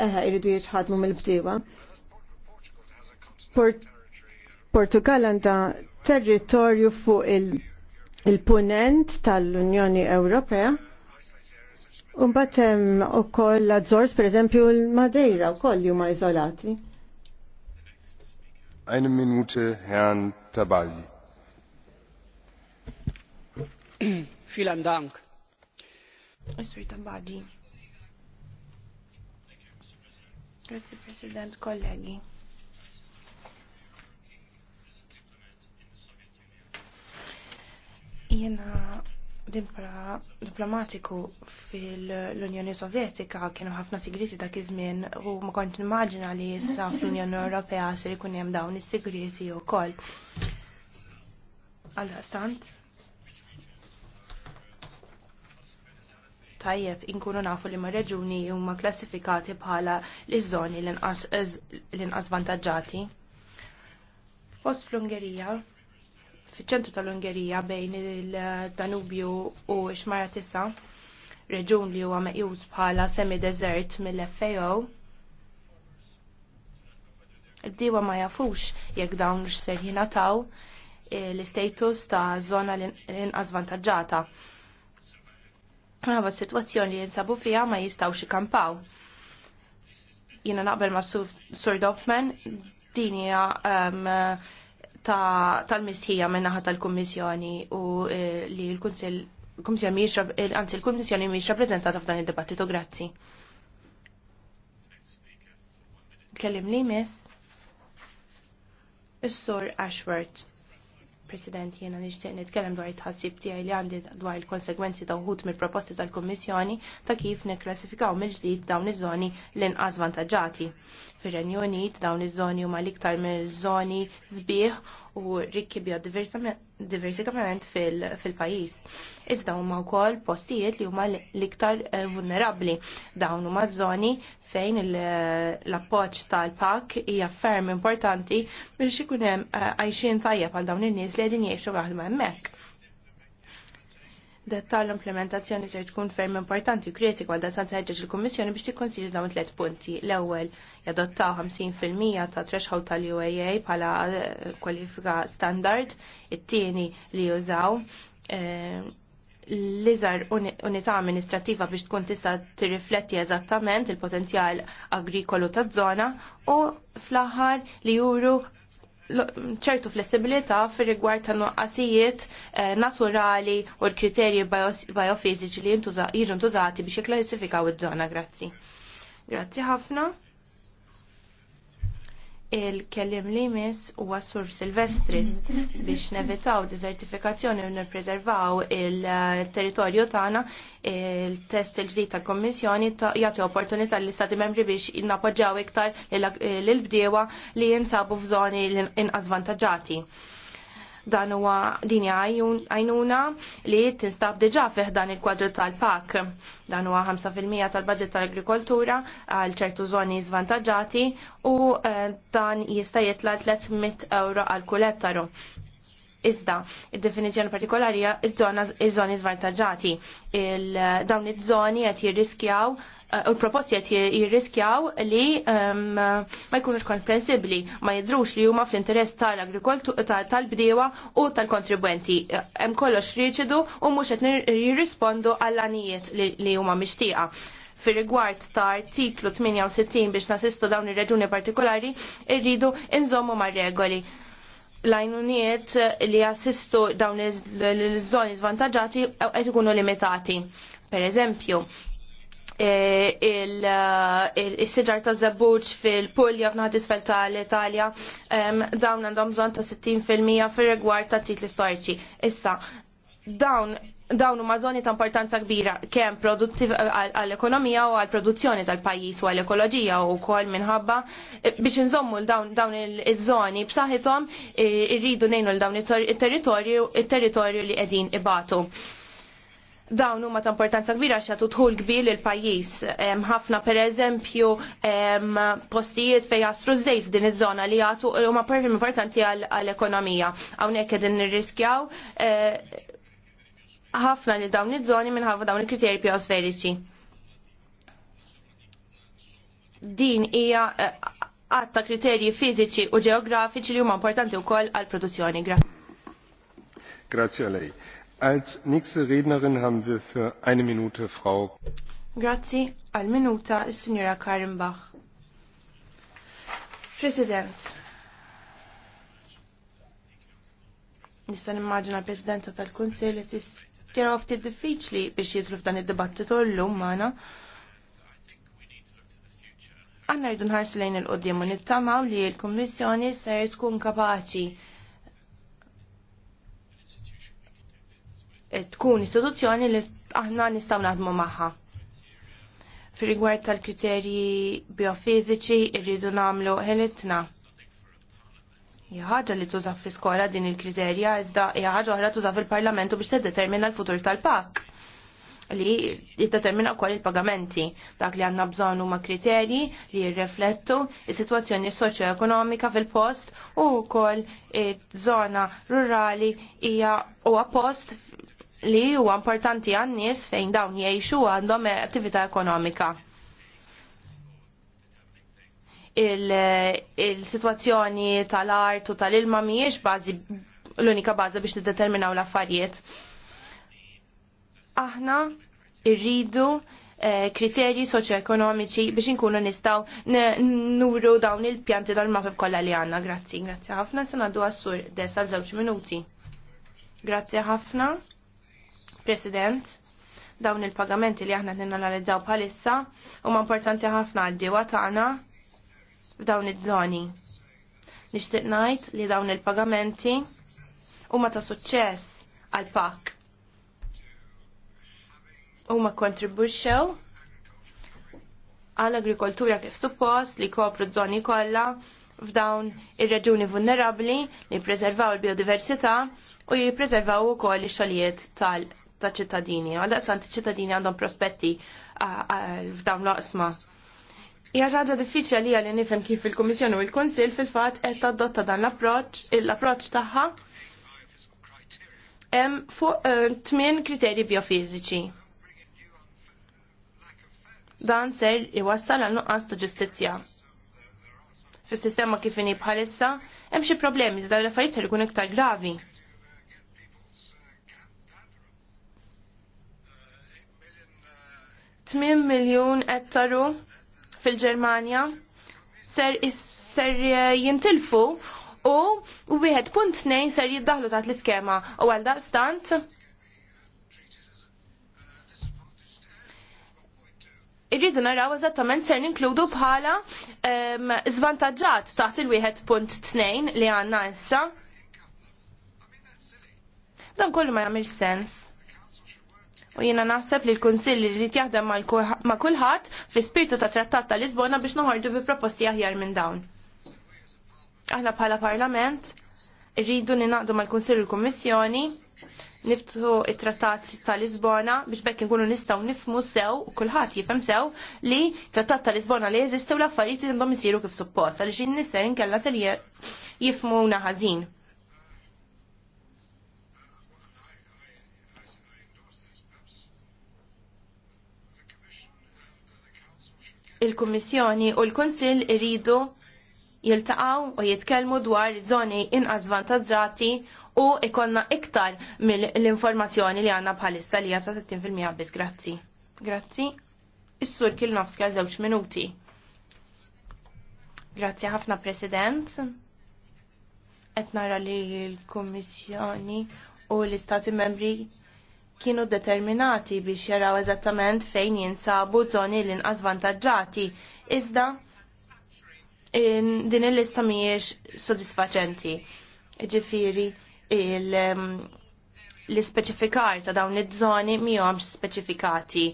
eħe iridu jitħadmu mill-bdiewa. Portugal għandha territorju fuq il-punent il tal-Unjoni Ewropea. Umbat hemm ukoll l-Azzors pereżempju l-Madeira wkoll huma iżolati. Eine Minute, Herrn Tabagli. Vielen Dank. Mr. Tabagli. Grazie Presidente, kollegi. Jena diplomatiku fil-Unjoni Sovjetika kienu ħafna sigriti dak iż-żmien u ma kont nimmaġina li issa fl-Unjoni Ewropea se jkun hemm dawn is-sigriti wkoll. Alla stant. Tajjeb inkunu nafu li ma reġuni huma klassifikati bħala l-żoni l-inqas vantaġġati. Post fl-Ungerija, fiċ-ċentru tal-Ungerija bejn il-Danubju u x-Mara Tisa, reġun li huwa meqjus bħala semi-desert mill-FAO, il diwa ma jafux jekk dawn mhux ser jingħataw eh, l-istatus ta' zona l-inqas vantaġġata. Għava situazzjoni li jinsabu fija ma jistgħux ikampaw. Jina naqbel ma' Sur Dofman, din um, tal-mistħija minna naħa tal-Kummissjoni u eh, li l-Kunsill Kummissjoni għanzi eh, l-Kummissjoni mhix prezentata f'dan id-dibattitu. Grazzi. Kellim li miss. Is-Sur Ashworth. President, jena nishtiq nitkellem dwar it-tħassib tiegħi li għandi dwar il-konsegwenzi ta' uħut mill-proposti tal-Kummissjoni ta' kif nikklassifikaw mill-ġdid dawn iż-żoni l-inqas vantaġġati. Fir-Renju Unit dawn iż-żoni huma l-iktar mill-żoni sbieħ u rikki kamerant fil-pajis. Iżda huma wkoll postijiet li huma l-iktar eh, vulnerabbli. Dawn huma żoni fejn l-appoġġ tal-pak hija ferm importanti biex ikun hemm eh, għajxin tajjeb għal dawn in-nies li qegħdin jgħixu waħdma hemmhekk dettal l-implementazzjoni se tkun ferm importanti u kritik għal dan ħeġġeġ il-Kummissjoni biex tikkonsidra dawn tliet punti. L-ewwel jadottaw 50% ta' threshold tal-UAA bħala eh, kwalifika standard, it-tieni li jużaw eh, l-iżar unità amministrativa biex tkun tista' tirrifletti eżattament il-potenzjal agrikolu taż-żona u fl-aħħar li juru ċertu flessibilità fir rigward ta' nuqqasijiet eh, naturali u l-kriterji biofiziċi li jiġu ntużati biex jiklassifikaw iż-żona. Grazzi. Grazzi ħafna il-kellim li jmiss huwa Sur Silvestris biex nevitaw dizertifikazzjoni u nippreservaw il-territorju tagħna il-test il-ġdid tal-Kommissjoni jagħti opportunità l istati membri biex jinnappoġġjaw iktar lill bdiewa li jinsabu f'żoni inqas vantaġġati. Dan huwa din għajnuna li tinstab diġà fih dan il-kwadru tal-pak. Dan huwa 5% tal-budget tal-agrikoltura għal ċertu zoni zvantaġġati u eh, dan jista' jitla 300 euro għal kull ettaru. Iżda, id-definizjoni partikolari iż-żoni zvantaġġati. Dawn iż-żoni qed jirriskjaw Eh, u proposti għet jirriskjaw li ehm, ma jkunux komprensibbli, ma jidrux li huma fl-interess tal agrikoltu tal-bdiewa u tal-kontribwenti. Eh, hemm kollox riċidu u mhux qed jirrispondu għall anijiet li huma mixtieqa fir rigward ta' artiklu 68 biex nasistu dawn ir-reġuni partikolari, irridu inżommu ma' regoli l-għajnuniet li jassistu dawn l-żoni zvantagġati eh, qed ikunu limitati. Per eżempju, E, il e, sġar ta' zabuċ fil-Pulja f'naħat isfel ta' l-Italja dawn għandhom bżon ta' 60% fil-rigward ta' titli storiċi. Issa, dawn dawn huma żoni ta' importanza kbira kemm produttiv għall-ekonomija u għall-produzzjoni tal-pajjiż u għall-ekoloġija u wkoll minħabba e, biex inżommu l dawn iż-żoni b'saħħithom irridu ngħinu l dawn it-territorju li qegħdin ibatu dawn huma ta' importanza kbira għax jagħtu dħul kbir lil pajjiż. Ħafna pereżempju postijiet fejn jasru żejt din iż-żona li jagħtu huma importanti għall-ekonomija. Hawnhekk din nirriskjaw eh, ħafna li dawn iż-żoni minħabba dawn il-kriterji biosferiċi. Din hija eh, għatta kriterji fiżiċi u ġeografiċi li huma importanti wkoll għall-produzzjoni. Grazie a lei. Grazzi għal minuta is-Sinjora Karim Bach. President. Nista' nimmaġina l-Presidenta tal-Kunsill li tistiera ftit diffiċli biex jidħlu f'dan id-dibattitu llum magħna. Aħna rridu nħarsu lejn il-qudiem u nittamaw li l-Kummissjoni ser tkun kapaċi tkun istituzzjoni li aħna nistgħu naħdmu magħha. Fir-rigward tal-kriterji biofiżiċi rridu nagħmlu ħelitna. Hija ħaġa li tuża fi skola din il-kriterja iżda hija oħra tuża fil-Parlamentu biex tiddetermina l-futur tal-pak li jiddetermina wkoll il-pagamenti. Dak li għandna bżonn huma kriterji li jirreflettu il-situazzjoni sitwazzjoni ekonomika fil-post u wkoll żona rurali hija huwa post li huwa importanti għan nies fejn dawn jgħixu għandhom attività ekonomika. Il-situazzjoni il tal-art u tal-ilma mhijiex bażi l-unika bażi biex niddeterminaw l-affarijiet. Aħna irridu eh, kriterji soċjoekonomiċi biex inkunu nistaw nuru dawn il-pjanti tal mafib kollha li għandna. Grazzi, grazzi ħafna. Se ngħaddu għas-sur desa żewġ minuti. Grazzi ħafna. President, dawn il-pagamenti li aħna t-nanalizzaw bħalissa huma importanti ħafna għaddiwa tagħna f'dawn id-żoni. Nixtieq ngħid li dawn il-pagamenti huma ta' suċċess għal pak. Huma kontribwixxew għal agrikoltura kif suppost li kopru żoni kollha f'dawn ir-reġuni vulnerabbli li jippreservaw il-biodiversità u u ukoll ix-xogħlijiet tal pak ta' ċittadini, għal-daqsan ċittadini għandhom prospetti f'dawn l-oqsma. Hija ħaġa diffiċja li għalli nifhem kif il-Kummissjoni u l-Kunsill fil-fatt qed tadotta dan l-approċċ, l-approċċ tagħha hemm fuq eh, tmien kriterji biofiżiċi. Dan ser iwassal għal nuqqas ta' ġustizzja. Fis-sistema kif inhi bħalissa hemm xi problemi iżda l-affarijiet ser ikun iktar gravi. 8 miljun ettaru fil-Ġermanja ser, ser eh, jintilfu u wieħed punt nejn ser jiddaħlu taħt l-iskema u għal daqstant irridu naraw eżattament ser ninkludu bħala um, zvantaġġat taħt il-1.2 li għanna issa. Dan kollu ma jagħmilx sens u jiena naħseb li l-Kunsill irid jaħdem ma' kulħadd fl-ispirtu ta' Trattat ta' Lisbona biex noħorġu bi proposti aħjar minn dawn. Aħna bħala Parlament irridu ninaqdu mal-Kunsill u l-Kummissjoni niftu it-Trattat ta' Lisbona biex bekk nkunu nistgħu nifmu sew u kulħadd jifhem sew li Trattat ta' Lisbona li jeżistew l-affarijiet għandhom isiru kif suppost għaliex in nisser inkella ser jifmu ħażin. il-Kummissjoni u l-Kunsill iridu jiltaqgħu u jitkellmu dwar żoni inqas vantaġġati u ikonna iktar mill-informazzjoni li għandna bħalissa li hija ta' 60% biss. Grazzi. Grazzi. Is-sur Kilnofska żewġ minuti. Grazzi ħafna President. Qed nara li l-Kummissjoni u l-Istati Membri kienu determinati biex jaraw eżattament fejn jinsabu żoni l-inqas vantaġġati. Iżda din il-lista mhijiex sodisfaċenti. Ġifieri mm, l-ispeċifikar ta' dawn iż-żoni mihomx speċifikati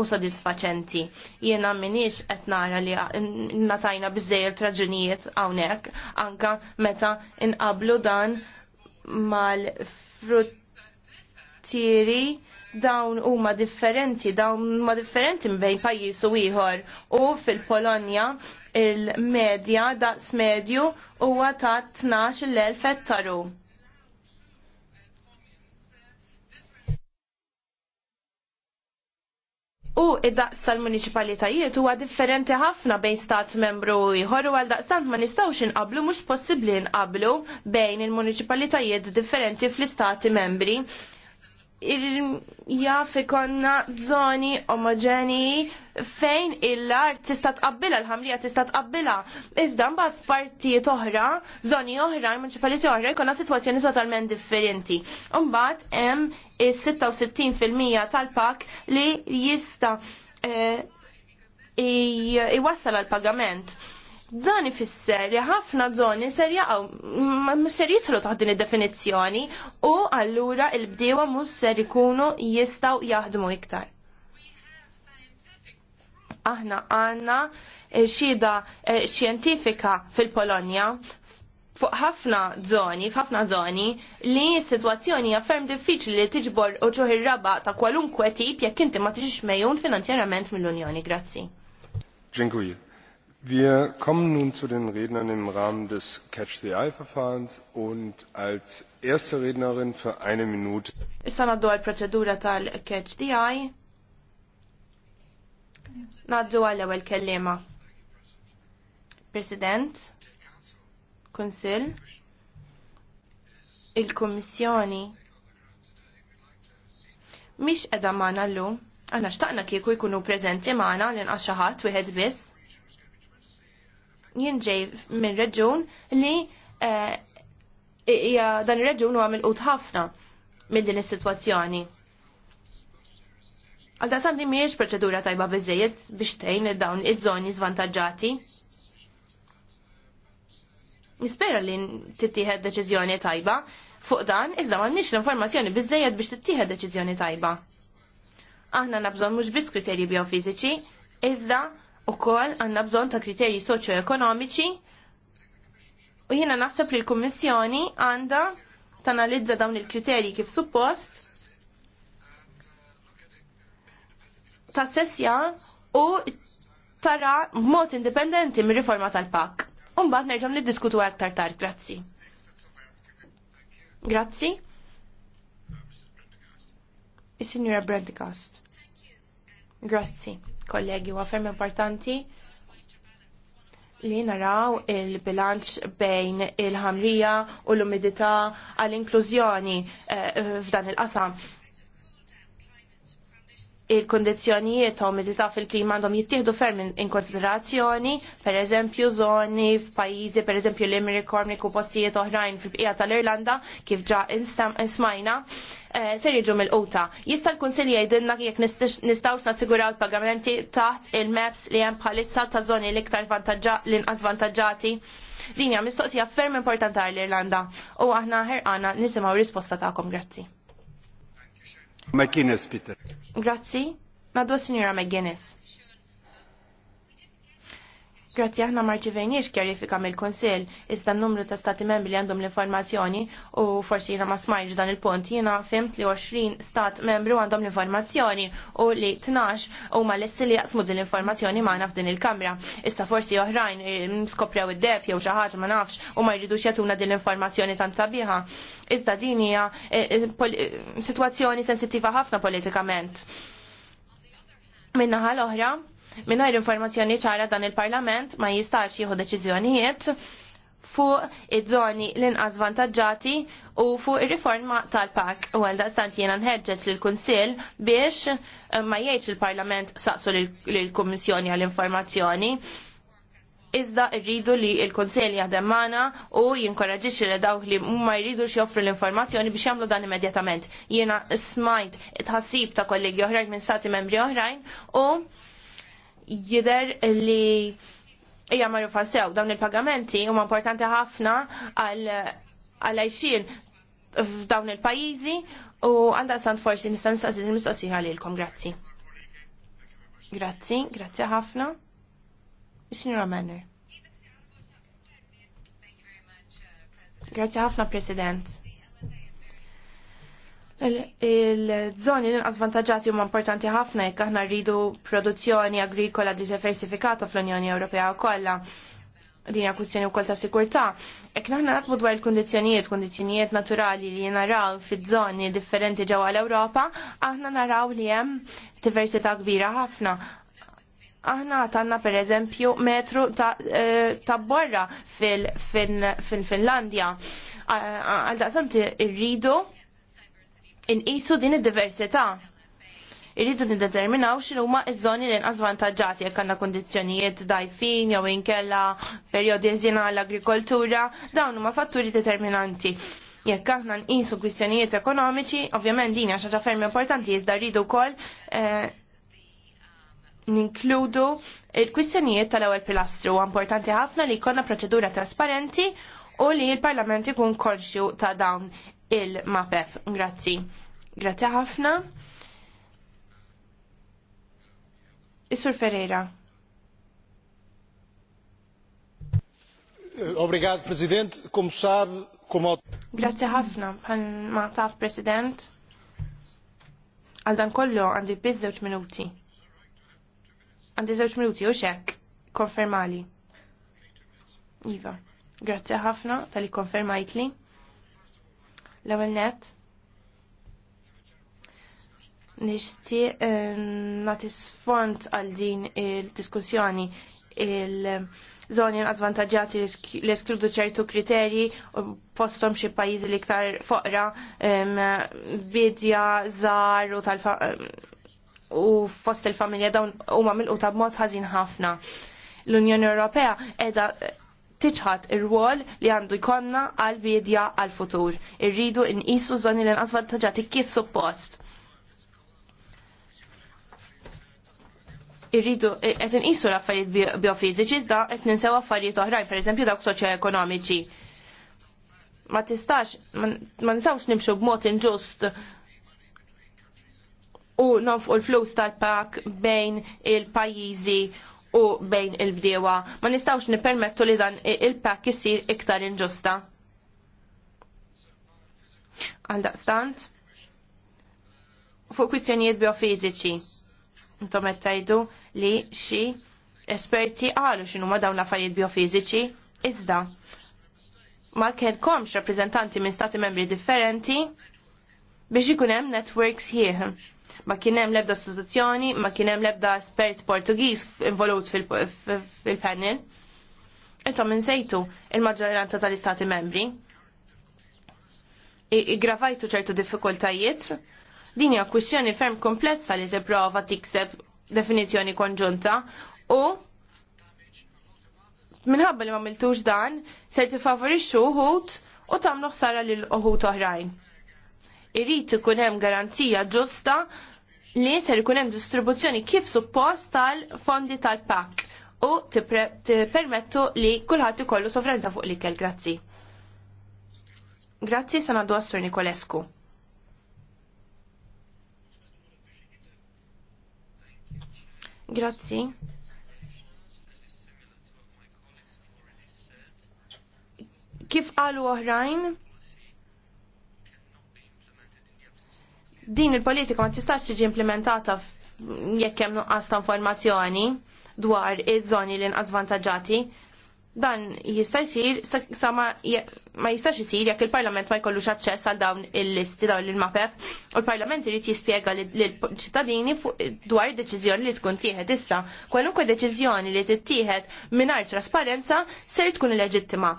u sodisfaċenti. Jiena minix qed nara li natajna biżżejjed raġunijiet hawnhekk anka meta inqablu dan mal-frutt frontieri dawn huma differenti, dawn huma differenti bejn pajjiż u ieħor u fil-Polonja il-medja daqs medju huwa ta' 12,000 ettaru. U id-daqs tal-municipalitajiet huwa differenti ħafna bejn stat membru ieħor u għal tant ma nistgħux inqablu mhux possibbli inqablu bejn il-municipalitajiet differenti fl-istati membri jaf ikonna zoni omogeni fejn il-art tista' tqabbila l-ħamrija tista' tqabbilha. Iżda mbagħad f'partijiet oħra, żoni oħra, municipality oħra jkollna sitwazzjoni totalment differenti. Mbagħad hemm is-66% tal-pak li jista' eh, iwassal għal pagament. Dan ifisser li ħafna żoni ser jaqgħu ser jidħlu taħt din id-definizzjoni u allura l-bdiewa mhux ser ikunu jistgħu jaħdmu iktar. Aħna għandna eh, xhieda eh, xjentifika fil-Polonja fuq ħafna żoni, f'ħafna żoni li s-sitwazzjoni hija ferm diffiċli li tiġbor u ġoħi raba ta' kwalunkwe tip jekk inti ma tiġix mejjun finanzjarament mill-Unjoni. Grazzi. Dziękuję. Wir kommen nun zu den Rednern im Rahmen des Catch the Eye Verfahrens und als erste Rednerin für eine Minute. Issa naddu għal tal-Catch the Eye. Naddu għal ewwel kellima. President, Kunsil, il-Kommissjoni. Mhix qiegħda l llum, għandna xtaqna kieku jkunu preżenti magħna l-inqas xi ħadd wieħed biss jien ġej minn reġun li eh, hija dan ir-reġun huwa milqut ħafna minn din is-sitwazzjoni. Għal da sandi miex proċedura tajba biżejjed biex tgħin dawn iż-żoni żvantaġġati. Nispera li tittieħed deċiżjoni tajba fuq dan iżda m'għandniex l-informazzjoni biżejjed biex tittieħed deċiżjoni tajba. Aħna nabżon mhux biss kriterji biofiżiċi, iżda koll għandna bżonn ta' kriterji soċjoekonomiċi u jiena naħseb li l-Kummissjoni għandha tanalizza dawn il-kriterji kif suppost ta' sessja u tara mod indipendenti mir-riforma tal-PAK. Umbat nerġam niddiskutu aktar tard, grazzi. Grazzi. is signora Brendigast. Grazzi kollegi, huwa ferm importanti li naraw il-bilanċ bejn il-ħamrija u l-umidità għall-inklużjoni eh, f'dan il-qasam il-kondizjonijiet u mizita fil-klima għandhom jittieħdu ferm in konsiderazzjoni, per eżempju zoni f'pajjiżi, per eżempju l-Imri u postijiet oħrajn fil-bqija tal-Irlanda, kif ġa insmajna, eh, ser jiġu mill-quta. Jista' l-Kunsill jgħidilna jekk nistgħux nassiguraw il-pagamenti taħt il-maps li hemm bħalissa ta' żoni l-iktar l-inqas vantaġġati. Din hija mistoqsija ferm importanti għall-Irlanda u aħna ħerqana nisimgħu risposta tagħkom grazzi. McGuinness, Peter. Grazzi. Nadwa Signora McGuinness. Grazzi aħna marċivejniex kjarifika mill-Konsil, iżda n-numru ta' stati membri li għandhom l-informazzjoni u forsi jina ma smajġ dan il-punt, jina fimt li 20 stat membru għandhom l-informazzjoni u li 12 u ma l-essi li jaqsmu din l-informazzjoni maħna f'din il-kamra. Issa forsi oħrajn eh, skoprew id-deb jew xi ħaġa ma nafx u ma jridux jagħtuna din l-informazzjoni tant sabiħa. Iżda din hija eh, eh, sitwazzjoni sensittiva ħafna politikament. Minnaħa l-oħra, Mingħajr informazzjoni ċara dan il-Parlament ma jistax jieħu deċiżjonijiet fuq id-żoni l-inqas vantaġġati u fuq ir-riforma tal-pak. U għal daqstant jiena nħeġġeġ lill-Kunsill biex eh, ma jgħidx il-Parlament saqsu lill-Kummissjoni għall-informazzjoni iżda rridu li il kunsill jaħdem magħna u jinkoraġġixxi li dawk li ma jridux joffru l-informazzjoni biex jagħmlu dan immedjatament. Jiena smajt tħassib ta' kollegi oħrajn minn stati membri oħrajn u jider li hija magħrufa sew dawn il-pagamenti huma importanti ħafna għal għajxin f'dawn il-pajjiżi u għandha sant forsi nista' nistaqsi mistoqsija lilkom grazzi. Grazzi, grazzi ħafna. Signora Manner. Grazzi ħafna President. Il-żoni il inqas vantaġġati huma importanti ħafna jekk aħna rridu produzzjoni agrikola diversifikata fl-Unjoni Ewropea kollha. Din hija kwistjoni wkoll ta' sikurtà. Jekk aħna naqbu dwar il-kundizzjonijiet, kundizzjonijiet naturali li naraw fiż-żoni differenti ġewwa l-Ewropa, aħna naraw li hemm diversità kbira ħafna aħna għatanna per eżempju metru ta', eh, ta borra fil-Finlandja. Għal daqsam irridu inqisu din id-diversità. Irridu niddeterminaw huma ż-żoni li inqas jekk għandna kundizzjonijiet dajfin jew inkella perjodi eżjina l-agrikoltura, dawn huma fatturi determinanti. Jekk aħna nqisu kwistjonijiet ekonomiċi, ovvjament din hija xi ferm importanti iżda rridu wkoll eh, ninkludu il-kwistjonijiet tal-ewwel pilastru. Importanti ħafna li jkollna proċedura trasparenti u li l-Parlament ikun konxju ta' dawn il-MAPEP. Grazzi. Grazzi ħafna. Isur Ferreira. Obrigado, Presidente. Como sabe, como... Grazie ħafna, ma taf, President. Għal dan kollu għandi biz żewġ minuti. Għandi żewġ minuti u konfermali. Iva, grazie ħafna tal-li konfermajtli. L-ewwel nett nixtieq eh, nagħti sfond għal din il-diskussjoni il-żoni għazvantagġati li eskludu ċertu kriterji fostom xi pajjiżi li iktar foqra bidja, zar u tal u fost il-familja dawn huma tab b'mod ħażin ħafna. L-Unjoni Ewropea qiegħda tiċħat ir-rwol li għandu jkollna għal bidja għal futur. Irridu nqisu żoni l inqas taġati kif suppost. Irridu e, qed inqisu l-affarijiet biofiżiċi iżda qed ninsew affarijiet oħrajn, pereżempju dawk soċjoekonomiċi. Ma tistax, ma nistgħux nimxu b'mod inġust u nofqu l-flus tal-pak bejn il-pajjiżi u bejn il-bdiewa. Ma nistawx nipermettu li dan il-pak jisir iktar inġusta. Għaldaqstant, fuq kwistjonijiet biofiziċi, intom qed tgħidu li xi esperti qalu xinu ma dawn l-affarijiet biofiziċi, iżda ma kienkomx rappreżentanti minn stati membri differenti biex ikun hemm networks jieħ Ma kien hemm l-ebda istituzzjoni, ma kien hemm l-ebda espert Portugiż involut fil-panel. Intom insejtu il-maġġoranza tal-istati membri. Igravajtu ċertu diffikultajiet. Din hija kwistjoni ferm komplessa li tipprova tikseb definizzjoni konġunta u minħabba li ma miltux dan ser tifavorixxu uħut u tagħmlu ħsara lil uħut oħrajn irrit ikun hemm garanzija ġusta li ser ikun hemm distribuzzjoni kif suppost tal-fondi tal-PAK u tippermettu li kulħadd ikollu sofrenza fuq l-ikel. Grazzi. Grazzi sa għas-Sur Nikolescu. Grazzi. Kif qalu oħrajn, din il-politika ma tistax tiġi implementata jekk hemm nuqqas ta' informazzjoni dwar iż-żoni li nqasvantaġġati, Dan jista' jsir sa ma jistax isir jekk il-Parlament ma jkollux aċċess għal dawn il-listi dawn il-mapep u l-Parlament irid jispjega lill-ċittadini dwar id-deċiżjoni li tkun tieħed issa. Kwalunkwe deċiżjoni li tittieħed mingħajr trasparenza ser tkun illeġittima.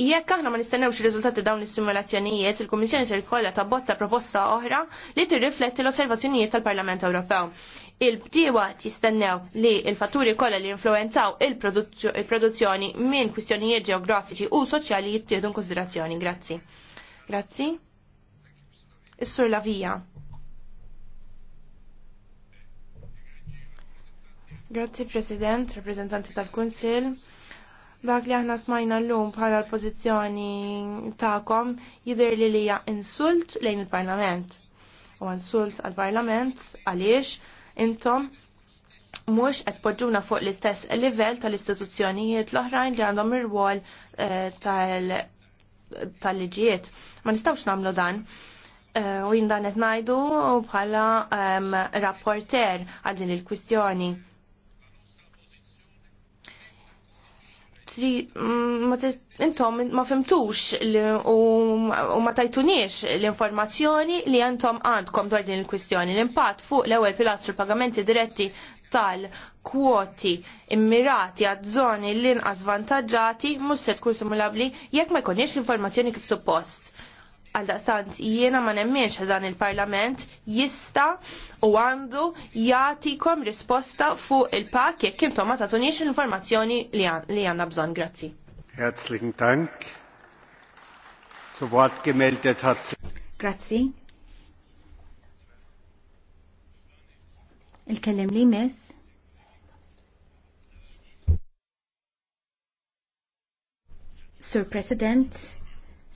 Jekk aħna ma nistennewx ir-riżultati dawn is-simulazzjonijiet, il-Kummissjoni se jkollha tabbozza proposta oħra li tirrifletti l-osservazzjonijiet tal-Parlament Ewropew. Il-bdiewa jistennew li l-fatturi kollha li influenzaw il-produzzjoni minn kwistjonijiet ġeografiċi u soċjali jittieħdu konsiderazzjoni. Grazzi. Grazzi. Is-Sur Lavija. Grazzi President, rappresentanti tal-Kunsil dak li aħna smajna l-lum bħala l-pozizjoni ta'kom jidher li lija insult lejn il-Parlament. U insult għal-Parlament għaliex intom mhux qed podġuna fuq l-istess livell tal-istituzzjonijiet l-oħrajn li għandhom ir-rwol eh, tal-liġijiet. Ma nistgħux nagħmlu dan eh, u jindan qed ngħidu bħala ehm, rapporter għal din il-kwistjoni. Mm, intom ma fimtux u ma tajtunix l-informazzjoni li intom għandkom dwar din il-kwistjoni. L-impatt fuq l-ewwel pilastru pagamenti diretti tal-kwoti immirati għad zoni l-inqas vantaġġati mhux se tkun simulabbli jekk ma jkunniex l-informazzjoni kif suppost għaldaqstant jiena ma nemmiex dan il-parlament jista u għandu jatikom risposta fuq il-pak jekk intom ma tatunix l-informazzjoni li għanna bżonn. Grazzi. Herzlichen Dank. Zu Wort gemeldet hat Grazzi. Il-kellem li mess. Sir President,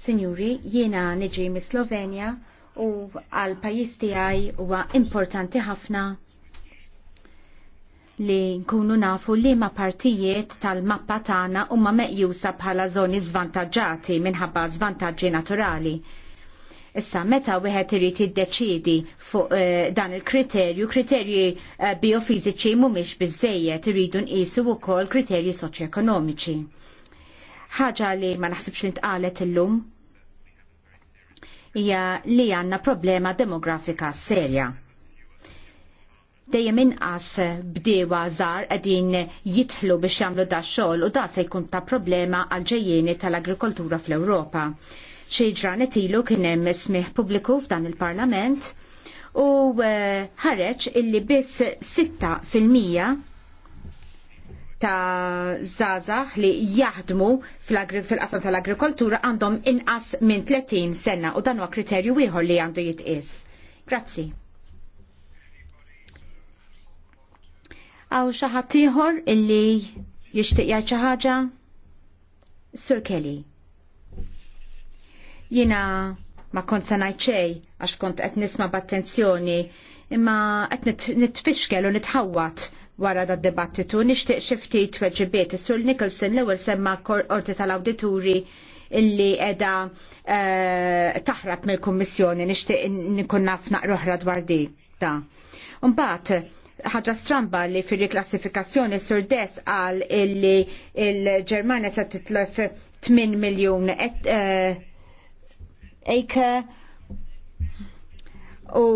Sinjuri, jiena niġi mis Slovenja u għal pajis tiegħi huwa importanti ħafna li nkunu nafu li ma partijiet tal-mappa tagħna huma meqjusa bħala żoni żvantaġġati minħabba zvantagġi naturali. Issa meta wieħed irid jiddeċiedi fuq uh, dan il-kriterju, kriterji eh, biofiżiċi mhumiex biżejjed iridu nqisu wkoll kriterji soċjoekonomiċi ħaġa li ma naħsibx li ntqalet illum hija li għandna problema demografika serja. Dejjem inqas bdewa żgħar qegħdin jitħlu biex jagħmlu da xogħol u da se jkun ta' problema għal ġejjieni tal-agrikoltura fl-Ewropa. Xi ġranet ilu kien hemm smih pubbliku f'dan il-Parlament u eh, ħareġ illi biss 6 fil-mija ta' zazax li jaħdmu fil-qasam tal-agrikoltura għandhom inqas minn 30 sena u dan huwa kriterju ieħor li għandu jitqis. Grazzi. Għaw xaħat ieħor illi jixtieq jgħid xi ħaġa? Sur Kelly. Jiena ma kont se ngħid xejn għax kont qed nisma' b'attenzjoni imma qed nitfixkel u nitħawat wara da debattitu nixtieq xi ftit tweġibiet. Is-Sur Nicholson l-ewwel semma l-korti tal-awdituri illi qiegħda eh, taħrab mill-Kummissjoni nixtieq nkun naf naqra dwar da. Mbagħad ħaġa stramba li fir riklassifikazzjoni sur des għal illi il ġermanja se titlef 8 miljon ejke eh, u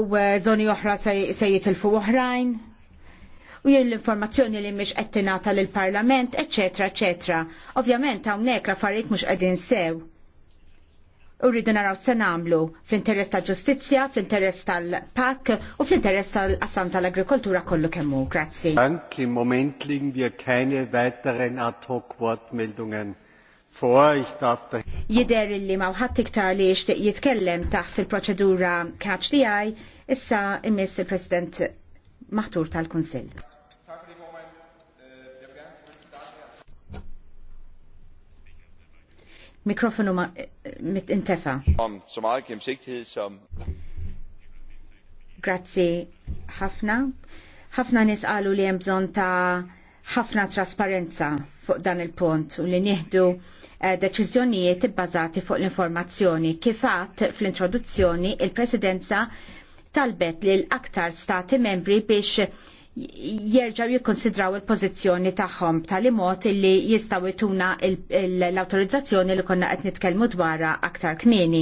zoni eh, oħra se jitilfu oħrajn u jien l-informazzjoni li mhix qed tingħata lill-Parlament, eċetera, eċetera. Ovvjament hawnhekk l-affarijiet mhux qegħdin sew. U rridu naraw se nagħmlu fl-interess tal-ġustizzja, fl-interess tal-PAK u fl-interess tal-qassam tal-agrikoltura kollu kemm hu. Grazzi. Dank, im Moment liegen wir keine weiteren Ad-hoc-Wortmeldungen vor. Jider illi ma wħadd iktar li jixtieq jitkellem taħt il-proċedura catch the eye, issa immis il-President maħtur tal konsil Mikrofonu ma eh, mit intefa. Om Grazie ħafna. ħafna nisqalu li hemm bżonn ta' ħafna trasparenza fuq dan il-punt u li nieħdu eh, deċiżjonijiet ibbażati fuq l-informazzjoni. Kif Kifat fl-introduzzjoni il-Presidenza talbet li l-aktar stati membri biex jerġaw jikkonsidraw il-pozizjoni tagħhom tal-imot illi jistgħu jtuna l-awtorizzazzjoni li konna qed nitkellmu dwarha aktar kmieni.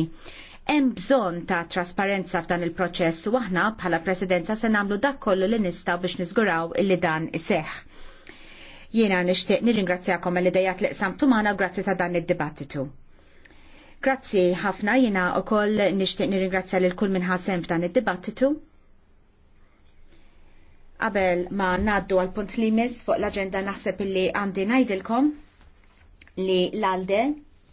Hemm bżonn ta' trasparenza f'dan il-proċess u aħna bħala Presidenza se nagħmlu dak kollu li nistgħu biex niżguraw illi dan iseħħ. Jiena nixtieq nirringrazzjakom għal idejat li qsamtu magħna grazzi ta' dan id-dibattitu. Grazzi ħafna jiena wkoll nixtieq nirringrazzja lil kull minn ħasem f'dan id-dibattitu. Qabel ma naddu għal punt li mis fuq l-agenda naħseb illi għandi najdilkom li l-alde